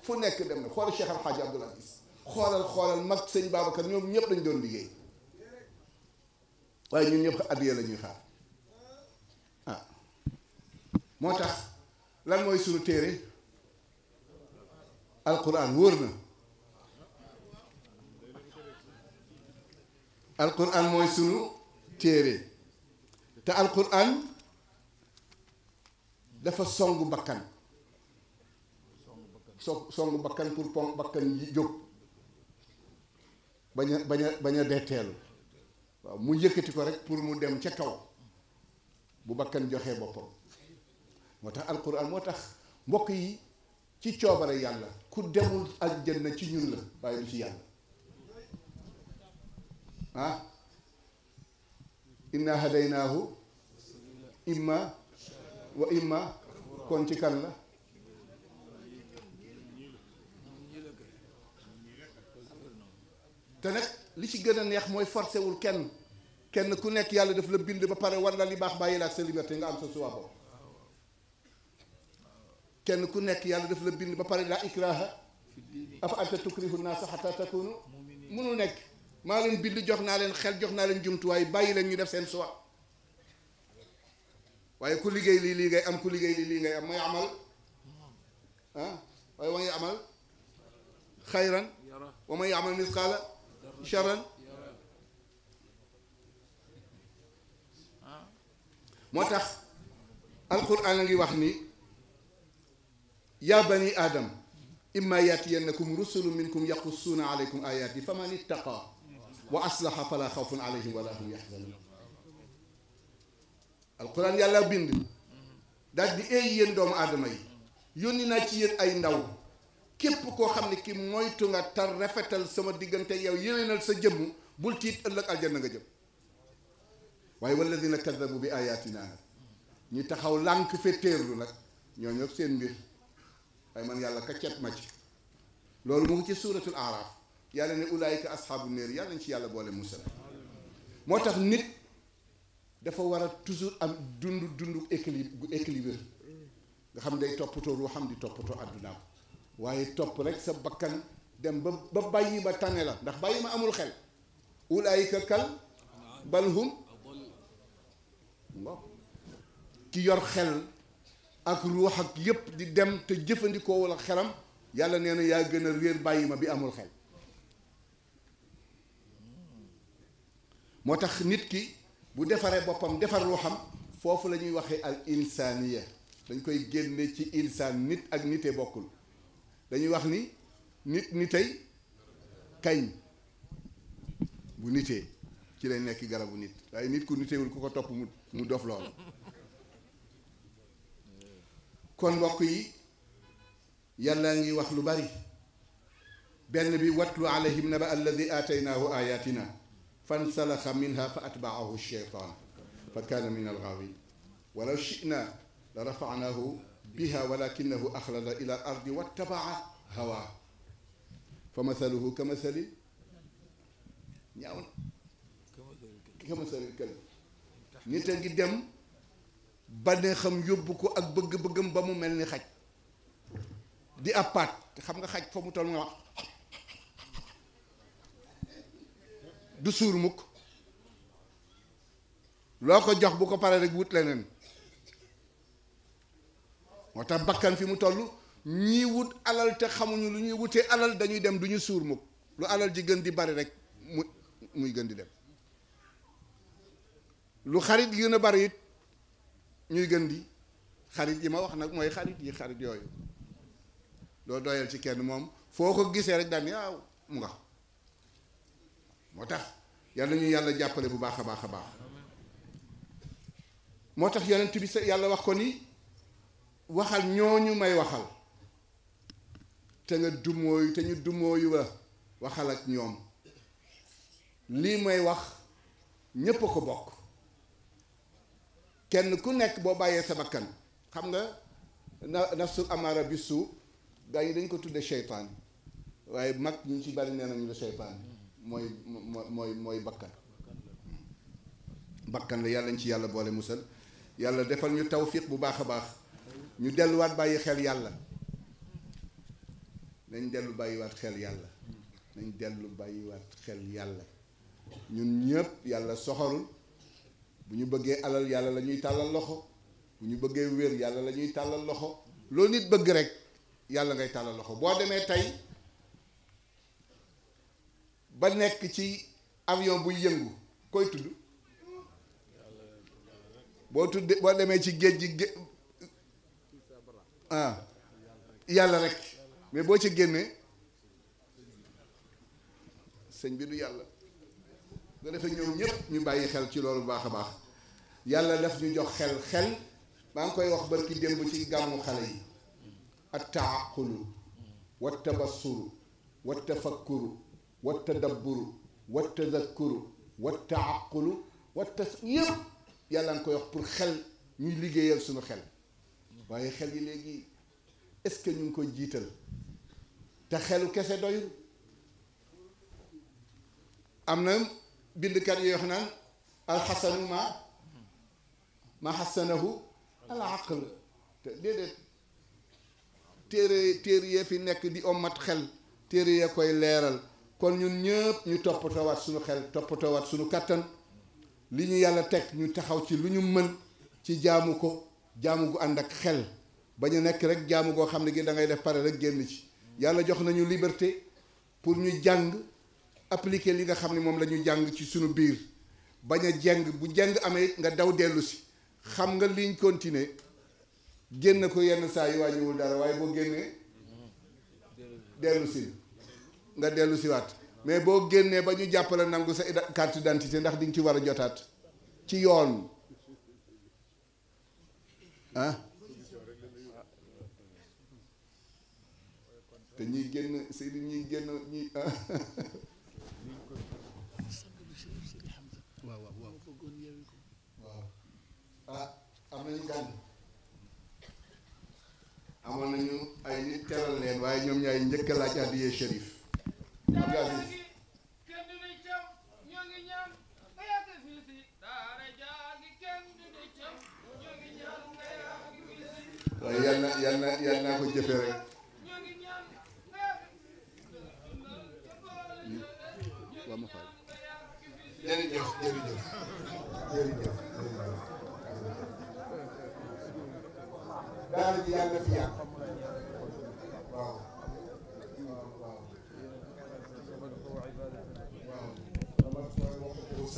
fu nekk dem na xoolal Cheikh Al Hadj Abdoul xoolal xoolal mag sëñ Babacar ñoom ñëpp lañ doon liggéey waaye ñun ñëpp addiya lañuy ñuy xaar ah. moo tax lan mooy suñu téere alquran wóor na alquran mooy sunu téere te alquran dafa songu bakkan so songu bakkan pour pon bakkan yi jóg bañ a bañ a detteelu waaw mu yëkkati ko rek pour mu dem ca kaw bu bakkan joxee boppam moo tax alquran moo tax mbokk yi ci coobare yàlla ku demul na ci ñun la waaye du ci yàlla ah inna hadaynaahu imma wa imma kon ci kan la te nag li ci gën a neex mooy forcé kenn kenn ku nekk yàlla def la bind ba pare war la li baax bàyyi laa ak sa liberté nga am sa suwaa kenn ku nekk yàlla def la bind ba pare laa ikraha afa anta tukrihu naasa xata takunu munu nekk maa leen bind jox naa leen xel jox naa leen jumtuwaay bàyyi leen ñu def seen choix waaye ku liggéey lii lii ngay am ku liggéey lii lii ngay am mooy amal ah waaye wa ngay amal xayran wa may amal misqaala charan moo tax alquran a ngi wax ni yaa bani aadam imma yaatiyannakum rusulu minkum yaqussuuna aleykum ayaati faman ittaqa wa aslaha fala xawfun alayhim wala hum yaxzanun alquran yàlla bind daal di eey yéen doomu aadama yi yónni naa ci yéen ay ndaw képp koo xam ne ki moytu nga tar rafetal sama diggante yow yéwénal sa jëmm bul tiit ëllëg aljanna nga jëm waaye walladina kadabu bi ayatina ñi taxaw lànk féetéerlu nag ñoo ñëpp seen mbir waaye man yàlla ka cet ma ci loolu mu ngi ci suuratul aaraaf yàlla ne ulaayika asxaabu néer yàlla nañ ci yàlla boole musal moo tax nit dafa war a toujours am dund dund équilibre équilibre nga xam day toppatoo ruuxam di toppatoo àddunaam waaye topp rek sa bakkan dem ba ba bàyyi ba tànne la ndax bàyyi ma amul xel ulaayika kal balhum ki yor xel ak ruux ak yépp di dem te jëfandikoo wala xelam yàlla nee na yaa gën a réer bàyyi ma bi amul xel moo tax nit ki bu defaree boppam defar loo foofu la ñuy waxee al dañ koy génne ci insaan nit ak nite bokkul dañuy wax ni nit nitey kañ bu nitee ci lay nekk garabu nit waaye nit ku nitewul ku ko topp mu mu dof loolu kon mbokk yi yàlla ngi wax lu bari benn bi watlu alayhim naba alladi aataynaahu ayatina fansalaxa minha fa atbaahu sheytaan fa kaana min alxaawi walaw shina la rafanaahu biha walakinahu axlada ila l ardi wattabaa hawa fa masaluhu ka masali ñaaw na ka masali kël nit a ngi dem ba ne xam yóbbu ko ak bëgg-bëggam ba mu mel ni xaj di appaat xam nga xaj fa mu toll nga du suur mukk loo ko jox bu ko paree rek wut leneen moo tax bakkan fi mu toll ñii wut alal te xamuñu lu ñuy wutee alal dañuy dem duñu suur mukk lu alal ji gën di bari rek mu muy gën di dem lu xarit gën a bari it ñuy gën di xarit yi ma wax nag mooy xarit yi xarit yooyu doo doyal ci kenn moom foo ko gisee rek daan waaw mu nga moo tax yàlla ñu yàlla jàppale bu baax a baax a baax moo tax yeneen bi sa yàlla wax ko ni waxal ñu may waxal te nga dumooyu te ñu dumooyu la waxal ak ñoom lii may wax ñépp a ko bokk kenn ku nekk boo bàyyee sa bakkan xam nga na nafsul amara bi suu gaa yi dañ ko tudde seytaan waaye mag ñu ci bari nee nañu la seytaan mooy mooy mooy bakkan bakkan la yàlla ñu ci yàlla boole musal yàlla defal ñu tawfiq bu baax a baax ñu delluwaat bàyyi xel yàlla nañ dellu bàyyiwaat xel yàlla nañ dellu bàyyiwaat xel yàlla ñun ñëpp yàlla soxorul bu ñu bëggee alal yàlla la ñuy tàllal loxo bu ñu bëggee wér yàlla la ñuy tàllal loxo loolu nit bëgg rek yàlla ngay tàllal loxo boo demee tey ba nekk ci avion buy yëngu koy tudd boo tudd boo demee ci géej gi gé ah, yàlla rek mais boo ci génnee sëñ bi du yàlla nga defee ñoom ñëpp ñu bàyyi xel ci loolu baax a baax yàlla daf ñu jox xel xel maa ngi koy wax barki démb ci gàmmu xale yi at taaqulu wa tabassuru wa tafakkuru wa tadabburu wa tazakkuru wat taaqulu wa tas yëpp yàlla nga koy wax pour xel ñuy liggéeyal suñu xel waaye xel yi léegi est-ce que ñu ngi ko jiital te xelu kese doyul am na bindkat yoo xam naan alxasanu ma ma xasanahu al aql te déedéet téere téere yee fi nekk di ommat xel téere yee koy leeral kon ñun ñëpp ñu toppatoowaat suñu xel toppatoowaat suñu kàttan li ñu yàlla teg ñu taxaw ci lu ñu mën ci jaamu ko jaamu gu ànd ak xel ba ñu nekk rek jaamu goo xam ne gi da ngay def pare rek génn ci yàlla jox nañu liberté pour ñu jàng appliquer li nga xam ne moom la ñu jàng ci suñu biir bañ a jàng bu jàng amee nga daw dellu si xam nga liñ continuer génn ko yenn saa yi wàññiwul dara waaye boo génnee dellu si nga dellu siwaat mais boo génnee ba ñu jàppale nangu sa carte d'identité ndax di nga ci war a jotaat ci yoon ah te ñuy génn si di ñuy génn ñuy ah. waaw waaw ah am nañu gan amoon nañu ay nit teral leen waaye ñoom ñaay njëkk laaj addiyee shérif waaye yal na ko jëfe rek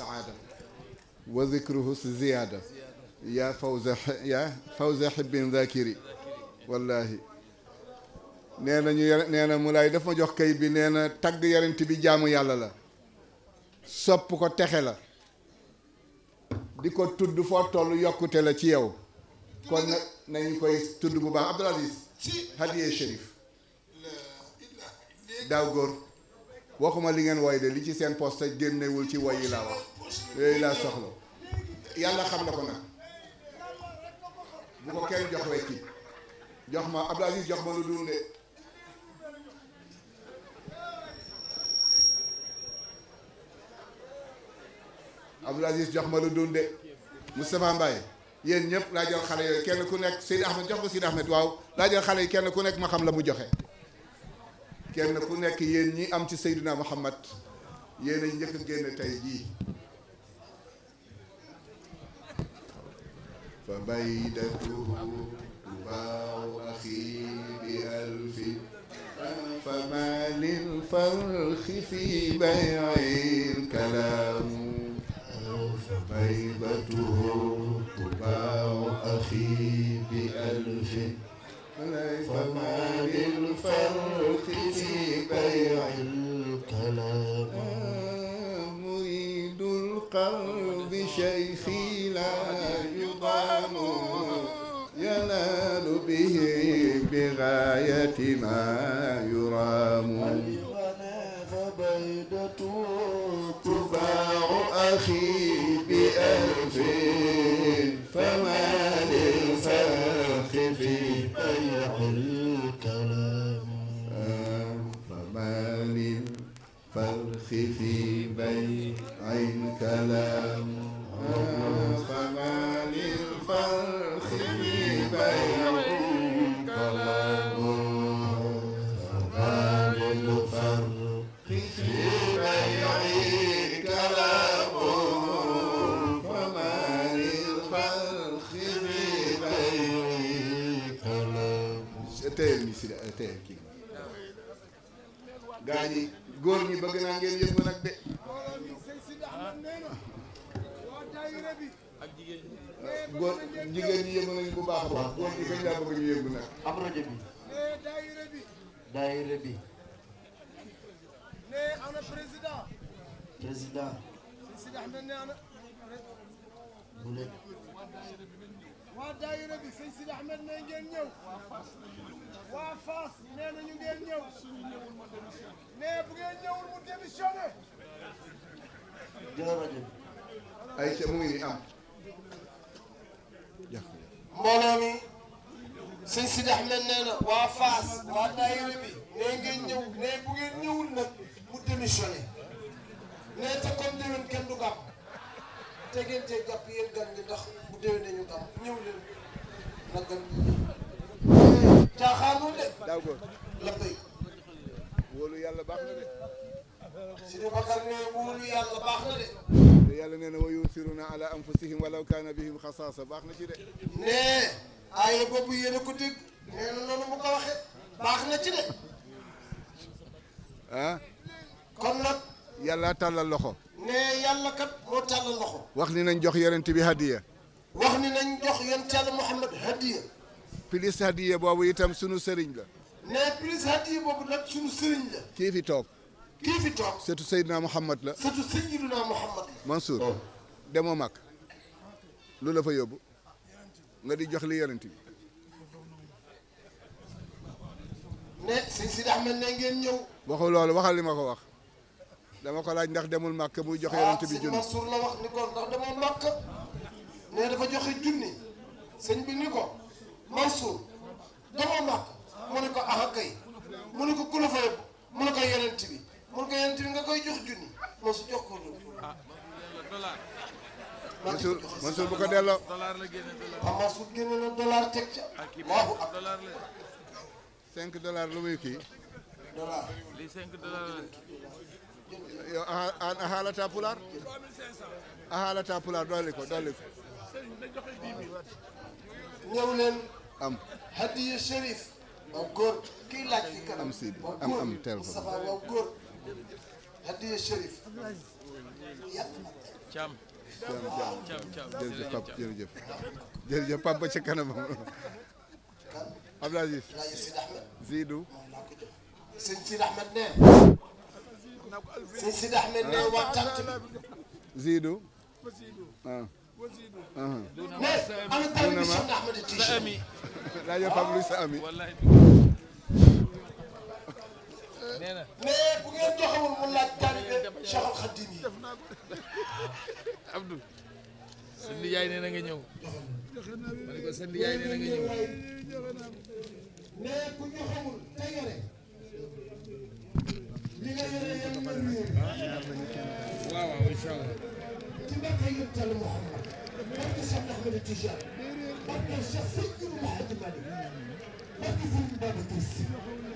saada wa zikruhu si ziyaada yaa fawza yaa fawza xibbin zakiri wallaahi nee na ñu yore nee na mu laay daf jox kayit bi nee na tagg yarant bi jaamu yàlla la sopp ko texe la di ko tudd foo toll yokkute la ci yow kon nag nañu koy tudd bu baax Abdoul Aziz hadiye Chérif daaw góor waxuma li ngeen woy de li ci seen poste génnewul ci woy yi laa wax yooyu laa soxla yàlla xam na ko nag bu ko kenn jox wekki jox ma Abdou Aziz jox ma lu dunde de mbaay Aziz jox ñëpp laa jël xale yooyu kenn ku nekk Seydi Ahmed jox ko Seydi Ahmed waaw laa jël xale yi kenn ku nekk ma xam la mu joxe kenn ku nekk yéen ñi am ci Seydina Muhammad yéen a njëkk génn tey jii فبيدته تباع أخي بألف فما للفرخ في بيع الكلام فبيبته تباع أخي بألف فما للفرق في بيع الكلام مريد القلب شيخي لا القوم ينال به بغاية ما يرام فبيدة تباع أخي بألف فما للفرخ في بيع الكلام فما للفرخ في بيع الكلام gaa ñi góor ñi bëgg naa ngeen yëg ma nag de. góor jigéen ñi yëngu nañu bu baax a góor ñi gën laa bëgg nag. am rajo bi. Eh, daayira bi. daayira bi. ne eh, ana président. président. Sidi Ahmed ne ana. bu waa daayira bi sëñ Ahmed ne ngeen ngeen ñëw. ne bu ngeen mu démissionné. jël rajo ay mu ngi nii am. mbooloo mi sëñ Sidi Ahmed nee na waa Fass waa daayira bi nee ngeen ñëw nee bu ngeen ñëwul nag mu démissionné nee te comme déwén kenn du gàmm te ngeen cee jàpp yéen gan ñi ndax bu déwén nañu gàmm ñëw leen nag gan caaxaanul de la béy wóolu yàlla baax na de suñu bakar ne wóolu yàlla baax na de te yàlla nee na wa yuusiruna ala anfusihim walaw kaana bihim xasaasa baax na ci de ne aaya boobu yéen a ko dégg nee na noonu mu ko baax na ci de ah kon nag yàlla tàllal loxo ne yàlla kat moo tàllal loxo wax ni nañ jox yonent bi hadiya wax ni nañ jox yonent yàlla Muhammad hadiya plus hadiya boobu itam sunu sëriñ la ne plus hadiya boobu nag sunu sëriñ la kii toog kii fi toog surtout Seydina Mouhamad la surtout Seydina Mouhamad la Mansour oh. demoo màkk lu la fa yóbbu nga di jox li yonent bi ne si si dax mel ne ngeen ñëw waxu loolu waxal li ma ko wax dama ko laaj ndax demul màkk muy jox yonent bi ah, junni Mansour la wax ni ko ndax demul bi ni ko Mansour demoo màkk mu ne ko ah kay mu ne ko ku la fa yóbbu mu ne ko yonent bi mun ko yonent bi nga koy jox junni moo su jox ko lu ah, Mansour Mansour bu ko delloo dollar la génne dollar xam ah, Mansour génne na dollar teg ca waaw ak dollar la cinq dollar lu muy kii dollar li cinq dollar yow ah, a haalata pulaar a haalata pulaar dolli ko dolli ko ñëw leen am hadiya Chérif waaw góor kii laaj fi kanam am am am tel ko waaw góor hadiya Chérif yàq na cam jërëjëf pap jërëjëf jërëjëf pap ba ci kanamam Abdou Aziz Zidou sëñ Sidi Ahmed ne sëñ Sidi Ahmed ne ah. waxtaan Zidou ah, ah. ne ana taal bi Cheikh Ahmed Tidiane sa ami laajal pap luy sa ami ne bu ngeen joxewul mu laaj taalibe Cheikhul Khadim yi. Abdou. sën bi yaay nee na nga ñëw. ma ne ko sën bi yaay nee na nga ñëw. ne bu joxewul te yore. li nga yore yal na nuyu. waaw waaw incha allah. ci mbokk yi tal Mouhamad. mbokk Cheikh Ahmed Tidiane. mbokk Cheikh Seydou Mouhamed Malick. mbokk Serigne Babacar Sy.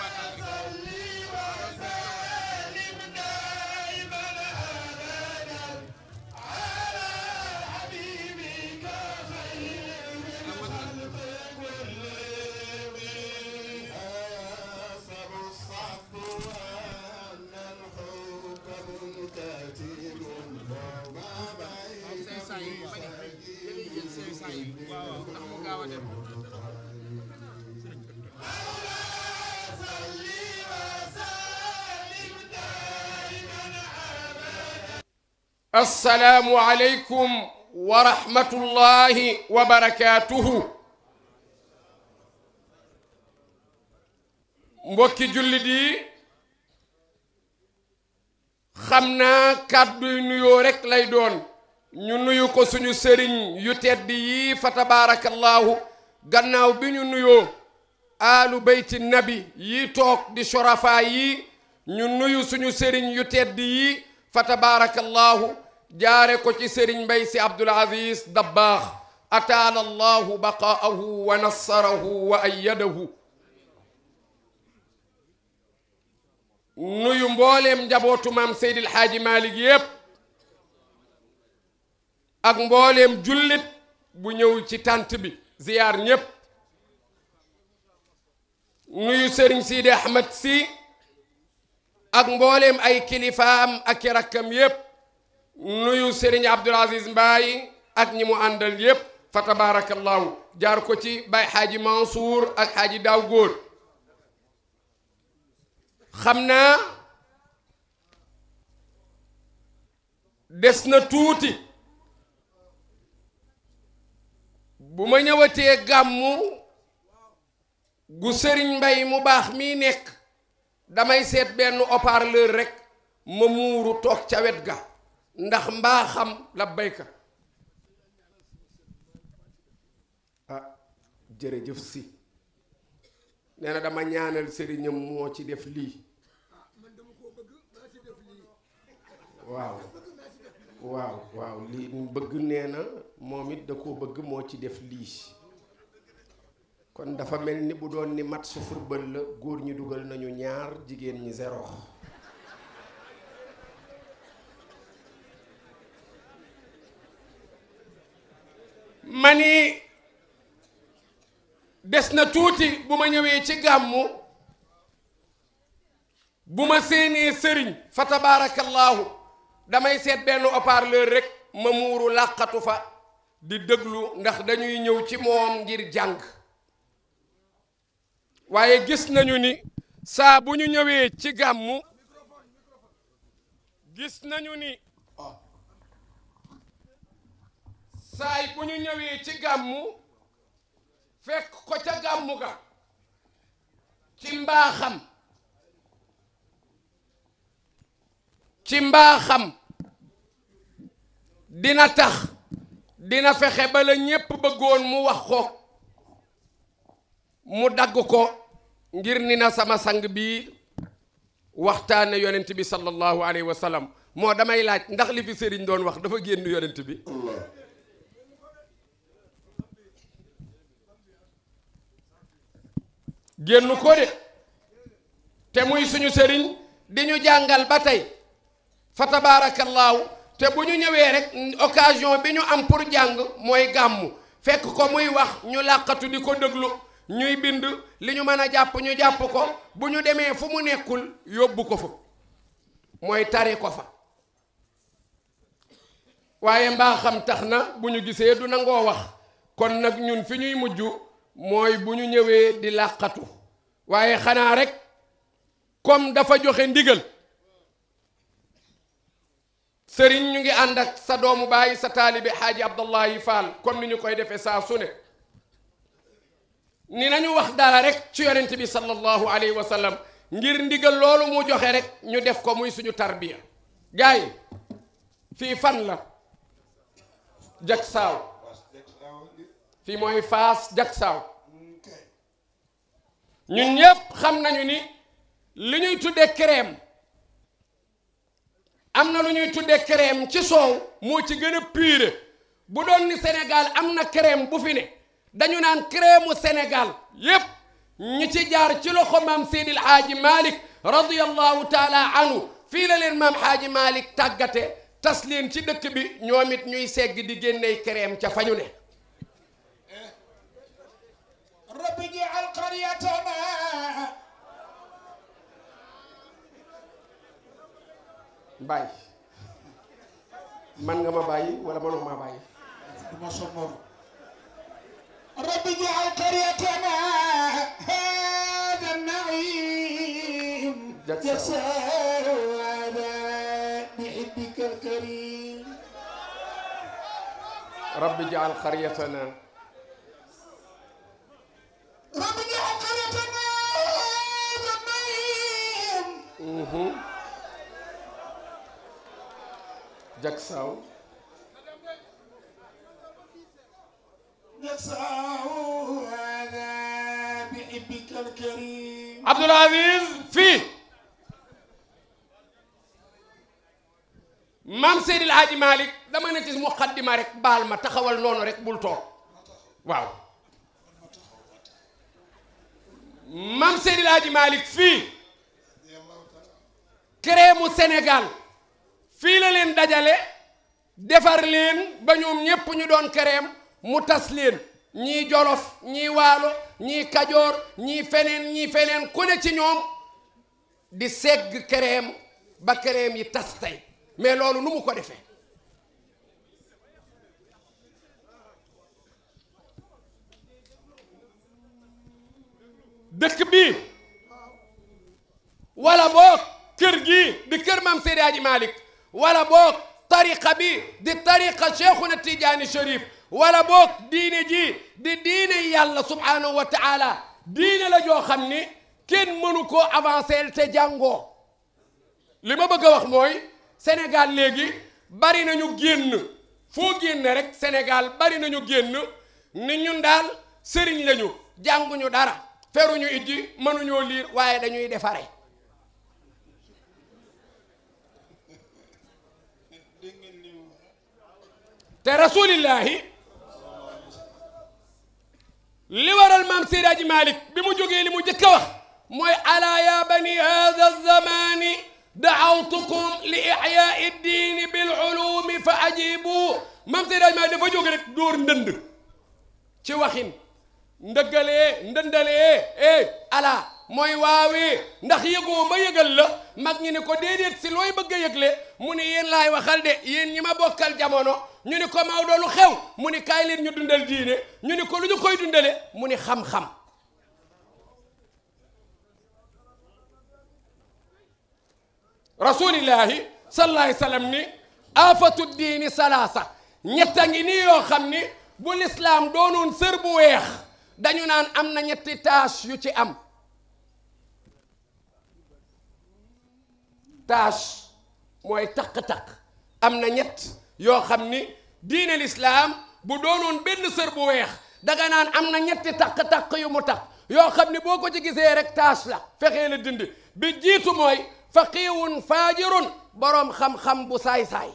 waaw waaw ndax mu gaaw a dem assalaamu aleykum wa rahmatullahi wa barakaatuhu mbokki jullit yi xam naa kàdduy nuyoo rekk lay doon ñu nuyu ko suñu sëriñ yu tedd yi fa tabaarakallaahu gannaaw bi ñu nuyoo aalu beyti nabi yi toog di sorafa yi ñu nuyu suñu sëriñ yu tedd yii fa tabaarakallaahu jaare ko ci sëriñ mbay si abdul aziz dabbaax ataana allahu baqaahu wa nassarahu wa ayyadahu nuyu mbooleem njabootu maam seydil xaaji maalik ak mboolem jullit bu ñëw ci tànt bi ziyaar ñépp nuyu sëriñ siidi ahmad si ak mboolem ay kilifaam ak i rakkam yépp nuyu sëriñ Abdoul Aziz Mbaye ak ñi mu àndal yépp fa tabarakallahu jaar ko ci bay xaaji Mansour ak xaaji daaw góor xam naa des na tuuti bu ma ñëwatee gàmmu gu Serigne mbay mu baax mii nekk damay seet benn haut-parleur rek ma muuru toog ca wet ga ndax mbaa xam la bayka ah jërëjëf si nee dama ñaanal sëriñam moo ci def lii waaw waaw waaw lii bëgg nee na moom it da koo bëgg moo ci def lii kon dafa mel ni bu doon ni match football la góor ñi dugal nañu ñaar jigéen ñi zéro ma des na tuuti bu ma ñëwee ci gàmmu bu ma séenee sëriñ fa tabaarakallaahu damay seet benn haut-parleur rek ma muuru làqatu fa di déglu ndax dañuy ñëw ci moom ngir jàng waaye gis nañu ni saa bu ñu ñëwee ci gàmmu gis nañu ni saay bu ñu ñëwee ci gàmmu fekk ko ca gàmmu ga ci mbaaxam ci mbaaxam dina tax dina fexe ba la ñépp bëggoon mu wax ko mu dagg ko ngir ni na sama sang bi waxtaane yonent bi sallallahu alayhi wa sallam moo damay laaj ndax li fi sëriñ doon wax dafa génn yonent bi génn ko de te muy suñu sëriñ di ñu jàngal ba tey fa tabaarakallaahu te bu ñu ñëwee rek occasion bi ñu am pour jàng mooy gàmmu fekk ko muy wax ñu làqatu di ko déglu ñuy bind li ñu mën a jàpp ñu jàpp ko bu ñu demee fu mu nekkul yóbbu ko fa mooy tari ko fa waaye mbaa tax na bu ñu gisee du nangoo wax kon nag ñun fi ñuy mujj mooy bu ñu ñëwee di làqatu waaye xanaa rek comme dafa joxe ndigal sëriñ ñu ngi ànd ak sa doomu baay sa taalibi xaaji Abdallahi Fall kon ni ñu koy defee saa su ne ni nañu wax dara rek ci yonent bi sallallahu alayhi wa ngir ndigal loolu mu joxe rek ñu def ko muy suñu tarbiya gars yi fii fan la Jaksaaw fii mooy Faas Jaksaaw ñun ñépp xam nañu ni li ñuy tudde crème am na lu ñuy tudde crème ci soow moo ci gën a pire bu doon ni Sénégal am na crème bu fi ne dañu naan crème mu Sénégal yépp ñu ci jaar ci loxo maam Seydil Haaji Malick radiyallahu taala anhu fii la maam Haaji Malick tàggate tas leen ci dëkk bi ñoom it ñuy segg di génney crème ca fañu ne rabbi ij'al qaryatana bàyyi man nga ma bàyyi wala manoo maa ma sonnoon رب اجعل قريتنا هذا النعيم جسادا بحبك الكريم رب اجعل قريتنا رب اجعل قريتنا هذا النعيم جكساو نسعه هذا بحبك الكريم عبد العزيز fii maam Seydi dama ne ci muqaddima rek baal ma taxawal noonu rek bul toog waaw maam Seydi El Hadji Malick fii crème mu fii la leen dajale defar leen ba ñoom ñépp ñu doon crème mu tas leen ñii jolof ñii waalo ñii kajoor ñii feneen ñii feneen ku ne ci ñoom di segg kereem ba kereem yi tas tey mais loolu nu mu ko defee dëkk bi wala boog kër gii di kër Maam Seydi Hadji Malick wala boog tariqa bi di tariqa Cheikhuna Tidiane Chérif wala boog diine ji di diine yàlla subhaanahu wa taala diine la joo xam ni kenn mënu koo avancer te jàngoo li ma bëgg a wax mooy senegal léegi bari nañu génn foo génn rek Sénégal bari nañu génn ni ñun daal sëriñ lañu jànguñu dara feruñu it ji mënuñoo liir waaye dañuy defare te rasulillahi li waral maam Seydaaji Malick bi mu jógee li mu jëkk a wax mooy alaa ya bani hada zamani daawtukum li ixyaai diini bil ulumi fa ajibu maam Seydaaji Malick dafa jóge rek dóor ndënd ci waxin ndëggalee ndëndalee eh ala mooy waawee ndax yëgoo ma yëgal la mag ñi ne ko déedéet si looy bëgg yëgle mu ni yéen laay waxal de yéen ñi ma bokkal jamono ñu ne ko Maodo lu xew mu ni kaay leen ñu dundal diine ñu ne ko lu ñu koy dundale mu ni xam-xam rasulillahi sallallahu alayhi wasallam ni afatu diini salaasa ñetta ngi nii yoo xam ni bu lislaam doonoon sër bu weex dañu naan am na ñetti tâche yu ci am tâche mooy taq-taq am na ñett yoo xam ni diine lislaam bu doonoon benn sër bu weex daga naan am na ñetti taq-taq yu mu taq yoo xam ni boo ko ci gisee rek tâche la fexee la dindi bi jiitu mooy faqiihun faajirun boroom xam-xam bu saay-saay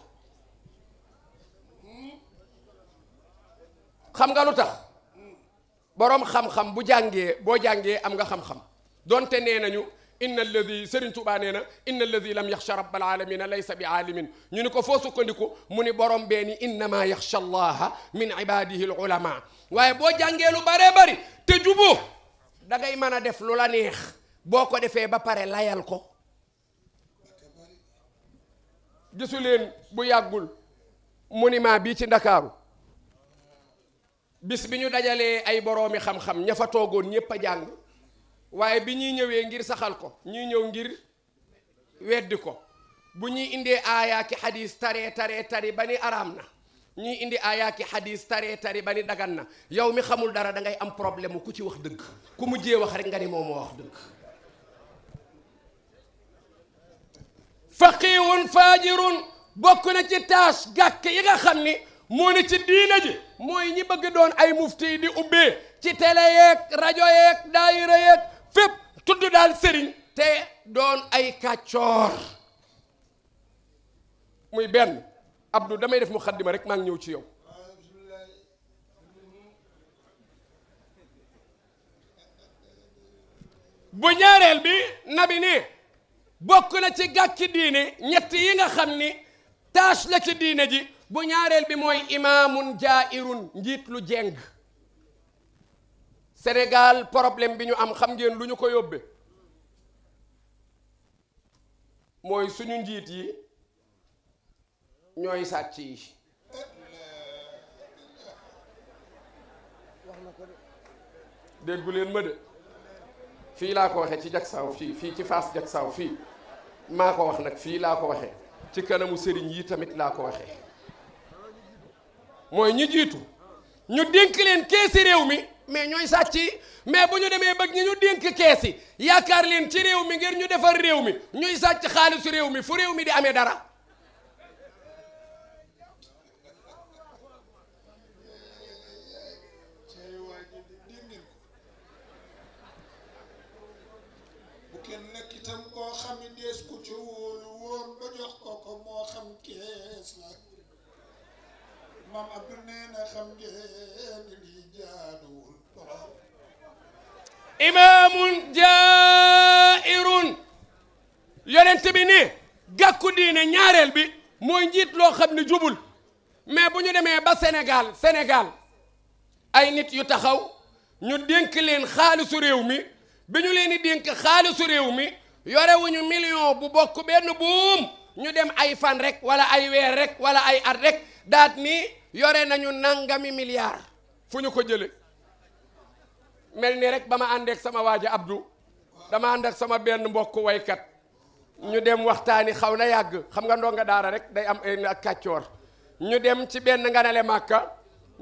xam nga lu tax boroom xam-xam bu jàngee boo jàngee am nga xam-xam donte nee nañu inna alladi Serigne Touba nee na inna alladi lam yaxsha rabbal alamina laysa bi aalimin ñu ni ko foo sukkandiku mu ni borom bee ni innama yaxsha allaha min ibadihi lulama waaye boo jàngee lu bëree bëri te juboo da ngay mën a def lu boo ko defee ba pare layal ko gisu leen bu yàggul monument bii ci ndakaaru bis bi ñu dajalee ay boroomi xam-xam ña fa toogoon ñépp a jàng waaye bi ñuy ñëwee ngir saxal ko ñuy ñëw ngir weddi ko bu ñuy indee aayaa ki xadis taree tari ba ni araam na ñuy indi aayaa ki xadis tari ba ni dagan na yow mi xamul dara da ngay am problème ku ci wax dënk ku mujjee wax rek nga ni moom moo wax dëgg faqihun faajirun bokk na ci taas gàkk yi nga xam ni moo ne ci diina ji mooy ñi bëgg doon ay mufti di ubbee ci télé yeeg rajo yeeg daayira yeeg fépp tudd daal sëriñ te doon ay kàccoor muy benn Abdou damay def mu xaddima rek maa ngi ñëw ci yow bu ñaareel bi nabi ne bokk na ci gàkki diine ñett yi nga xam ni tâche la ci diine ji bu ñaareel bi mooy imaamun jaa'irun njiit lu jeng Sénégal poroblème bi ñu am xam ngeen lu ñu ko yóbbe mooy suñu njiit yi ñooy sàcc yi déggu leen ma de fii laa ko waxee ci jagsaaw fii fii ci Fass jagsaaw fii maa ko wax nag fii laa ko waxee ci kanamu sëriñ yi tamit laa ko waxee mooy ñu jiitu ñu dénk leen keesi réew mi mais ñooy sàcc yi mais bu ñu demee bëgg ñi ñu dénk kees yi yaakaar leen ci réew mi ngir ñu defar réew mi ñuy sàcc xaalisu réew mi fu réew mi di amee dara maam Abdou nee imaamun jaa'irun yonent bi ni gàkku diine ñaareel bi mooy njiit loo xam ne jubul mais bu ñu demee ba Sénégal senegal ay nit yu taxaw ñu dénk leen xaalisu réew mi bi ñu leen di dénk xaalisu réew mi yore yorewuñu million bu bokk benn buum ñu dem ay fan rek wala ay weer rek wala ay at rek daat ni yore nañu nangami milliard fu ñu ko jële mel ni rek ba ma àndeek sama waaja Abdou dama ànd ak sama benn mbokk waykat ñu dem waxtaani xaw na yàgg xam nga ndonga daara rek day am ak kàccoor ñu dem ci benn nganale màkka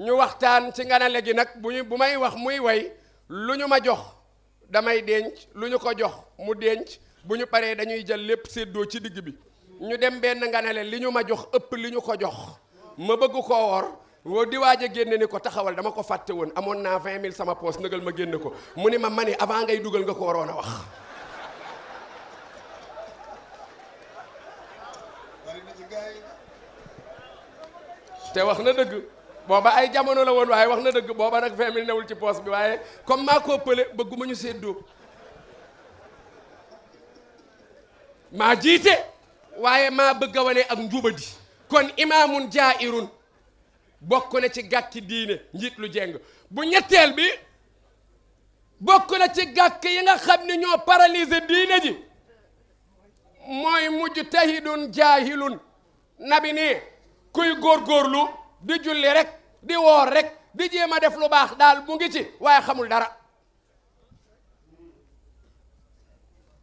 ñu waxtaan ci nganale gi nag bu bu may wax muy woy lu ñu ma jox damay denc lu ñu ko jox mu denc bu ñu paree dañuy jël lépp séddoo ci digg bi ñu dem benn nganale li ñu ma jox ëpp li ñu ko jox ma bëgg koo wor woo di waaj a génne ni ko taxawal dama ko fàtte woon amoon naa vingt mille sama poos nëgal ma génne ko mu ni ma mani avant ngay dugal nga ko waroon a wax te wax na dëgg booba ay jamono la woon waaye wax na dëgg booba nag vingt mille newul ci poos bi waaye kon maa koo pële bëgguma ñu séddoo maa jiite waaye maa bëgga wane ak njubadi kon imaamun jaa'irun bokk na ci gàkki diine njiit lu jeng bu ñetteel bi bokk na ci gàkk yi nga xam ni ñoo paralysé diine ji mooy mujtahidun jaahilun nabi nii kuy góorgóorlu di julli rek di woor rek di jéem a def lu baax daal mu ngi ci waaye xamul dara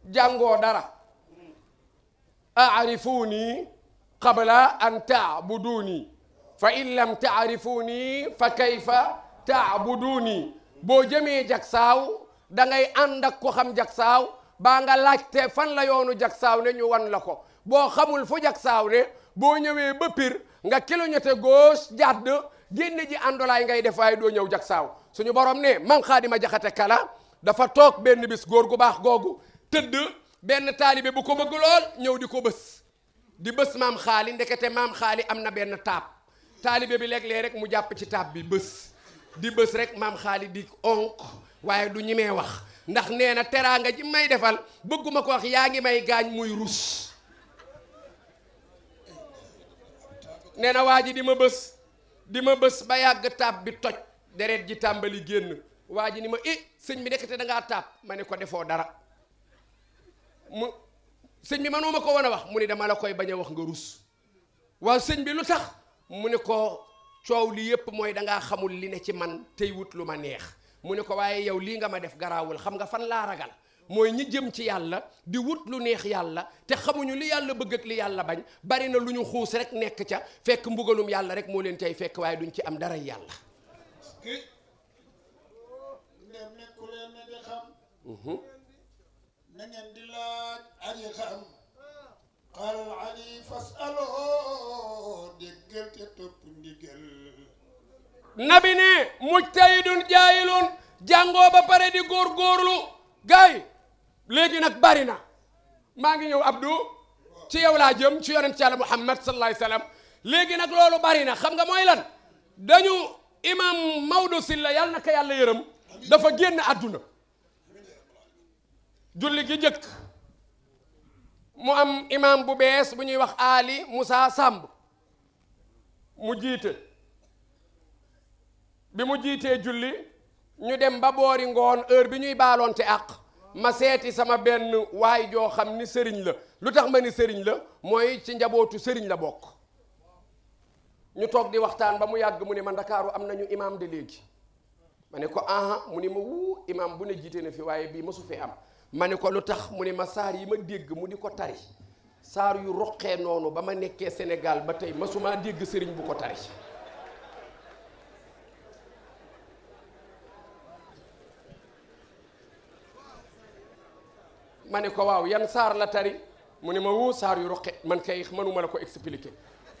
jàngoo dara aarifuuni qabla an taabuduuni fa in lam taarifuuni fa kayfa taabuduuni boo jëmee jagsaaw da ngay ànd ak ko xam jagsaaw baa nga laajte fan la yoonu jagsaaw ne ñu wan la ko boo xamul fu jagsaaw ne boo ñëwee ba pir nga kilomètre gauche jàdd génn ji àndolaay ngay def waaye doo ñëw jagsaaw suñu borom ne mam xaadima jaxate kala dafa toog benn bis góor gu baax googu tëdd benn taalibe bu ko bëgg lool ñëw di ko bës di bës maam xaali ndekete maam xaali am na benn taab taalibe bi léeg-léeg rek mu jàpp ci taab bi bës di bës rek maam xaali di onk waaye du ñi mee wax ndax nee na teraanga ji may defal bëgguma ko wax yaa ngi may gaañ muy rus nee na waa ji di ma bës di ma bës ba yàgg taab bi toj deret ji tàmbali génn waa ji ni ma i eh, sëñ bi nekk te dangaa ngaa taab ma ne ko defoo dara mu sëñ bi mënuma ko woon a wax mu ni dama la koy bañ a wax nga rus waa sëñ bi lu tax mu ne ko coow li yépp mooy dangaa xamul li ne ci man tey wut lu ma neex mu ne ko waaye yow lii nga ma def garaawul xam nga fan laa ragal mooy ñi jëm ci yàlla di wut lu neex yàlla te xamuñu li yàlla bëgg ak li yàlla bañ bari na lu ñu xuus rek nekk ca fekk mbugalum yàlla rek moo leen tey fekk waaye duñ ci am dara yàlla xaaral ali fas nabi ne mujtahidun jaayilun jàngoo ba pare di góorgóorlu gaay léegi nag bari na maa ngi ñëw Abdou ci yow laa jëm ci yonent Yàlla Muhammad sallallahu alayhi wa léegi nag loolu bari na xam nga mooy lan dañu imam Maodo Sylla yàlla na ko yàlla yërëm dafa génn àdduna julli gi njëkk mu am imam bu bees bu ñuy wax Ali Moussa sàmb mu jiite bi mu jiitee julli ñu dem ba boori ngoon heure bi ñuy baaloon baaloonte àq ma seeti sama benn waay joo xam ni sëriñ la lu tax ma ni sëriñ la mooy ci njabootu sëriñ la bokk ñu toog di waxtaan ba mu yàgg mu ne ma ndakaaru am nañu imam de léegi ma ne ko aha mu ni ma wuu imam bu ne jiite na fi waaye bii mësu fi am ma ne ko lu tax mu ni ma saar yi ma dégg mu di ko tari saar yu roqee noonu ba ma nekkee Sénégal ba tey masumaa dégg sëriñ bu ko tari ma ne ko waaw yan saar la tari mu ne ma wow saar yu roqe man kay mënuma la ko expliquer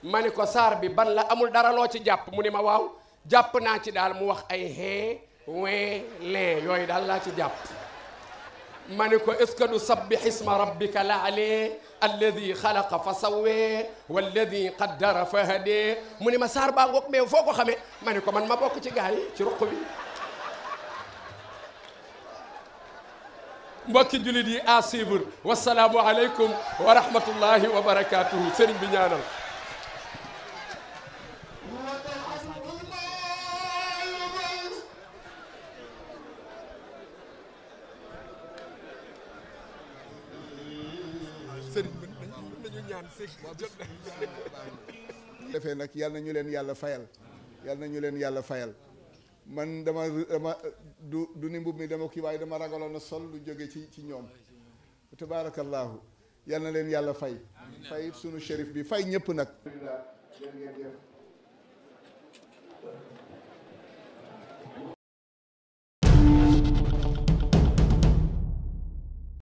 ma ne ko saar bi ban la amul dara loo ci jàpp mu ni ma waaw jàpp naa ci daal mu wax ay xee wee lee yooyu daal laa ci jàpp ma ni ko est-ce que du sabbih isma rabbika laale alladi xalaqa fa sawwee walladi qaddara fa hadee mu ni ma saar baa ngoog mais foo ko xamee ma ni ko man ma bokk ci gaa yi ci ruq bi mbokki julit yi à suivre wasalaamu aleykum wa rahmatullahi wa barakatuhu sëriñ bi ñaanal defee nag yal na ñu leen yàlla fayal yal na ñu leen yàlla fayal man dama dama du ni mbub mi dama kii waaye dama ragaloon a sol lu jóge ci ci ñoom tabaarakallaahu yal na leen yàlla fay fay sunu shérif bi fay ñëpp nag.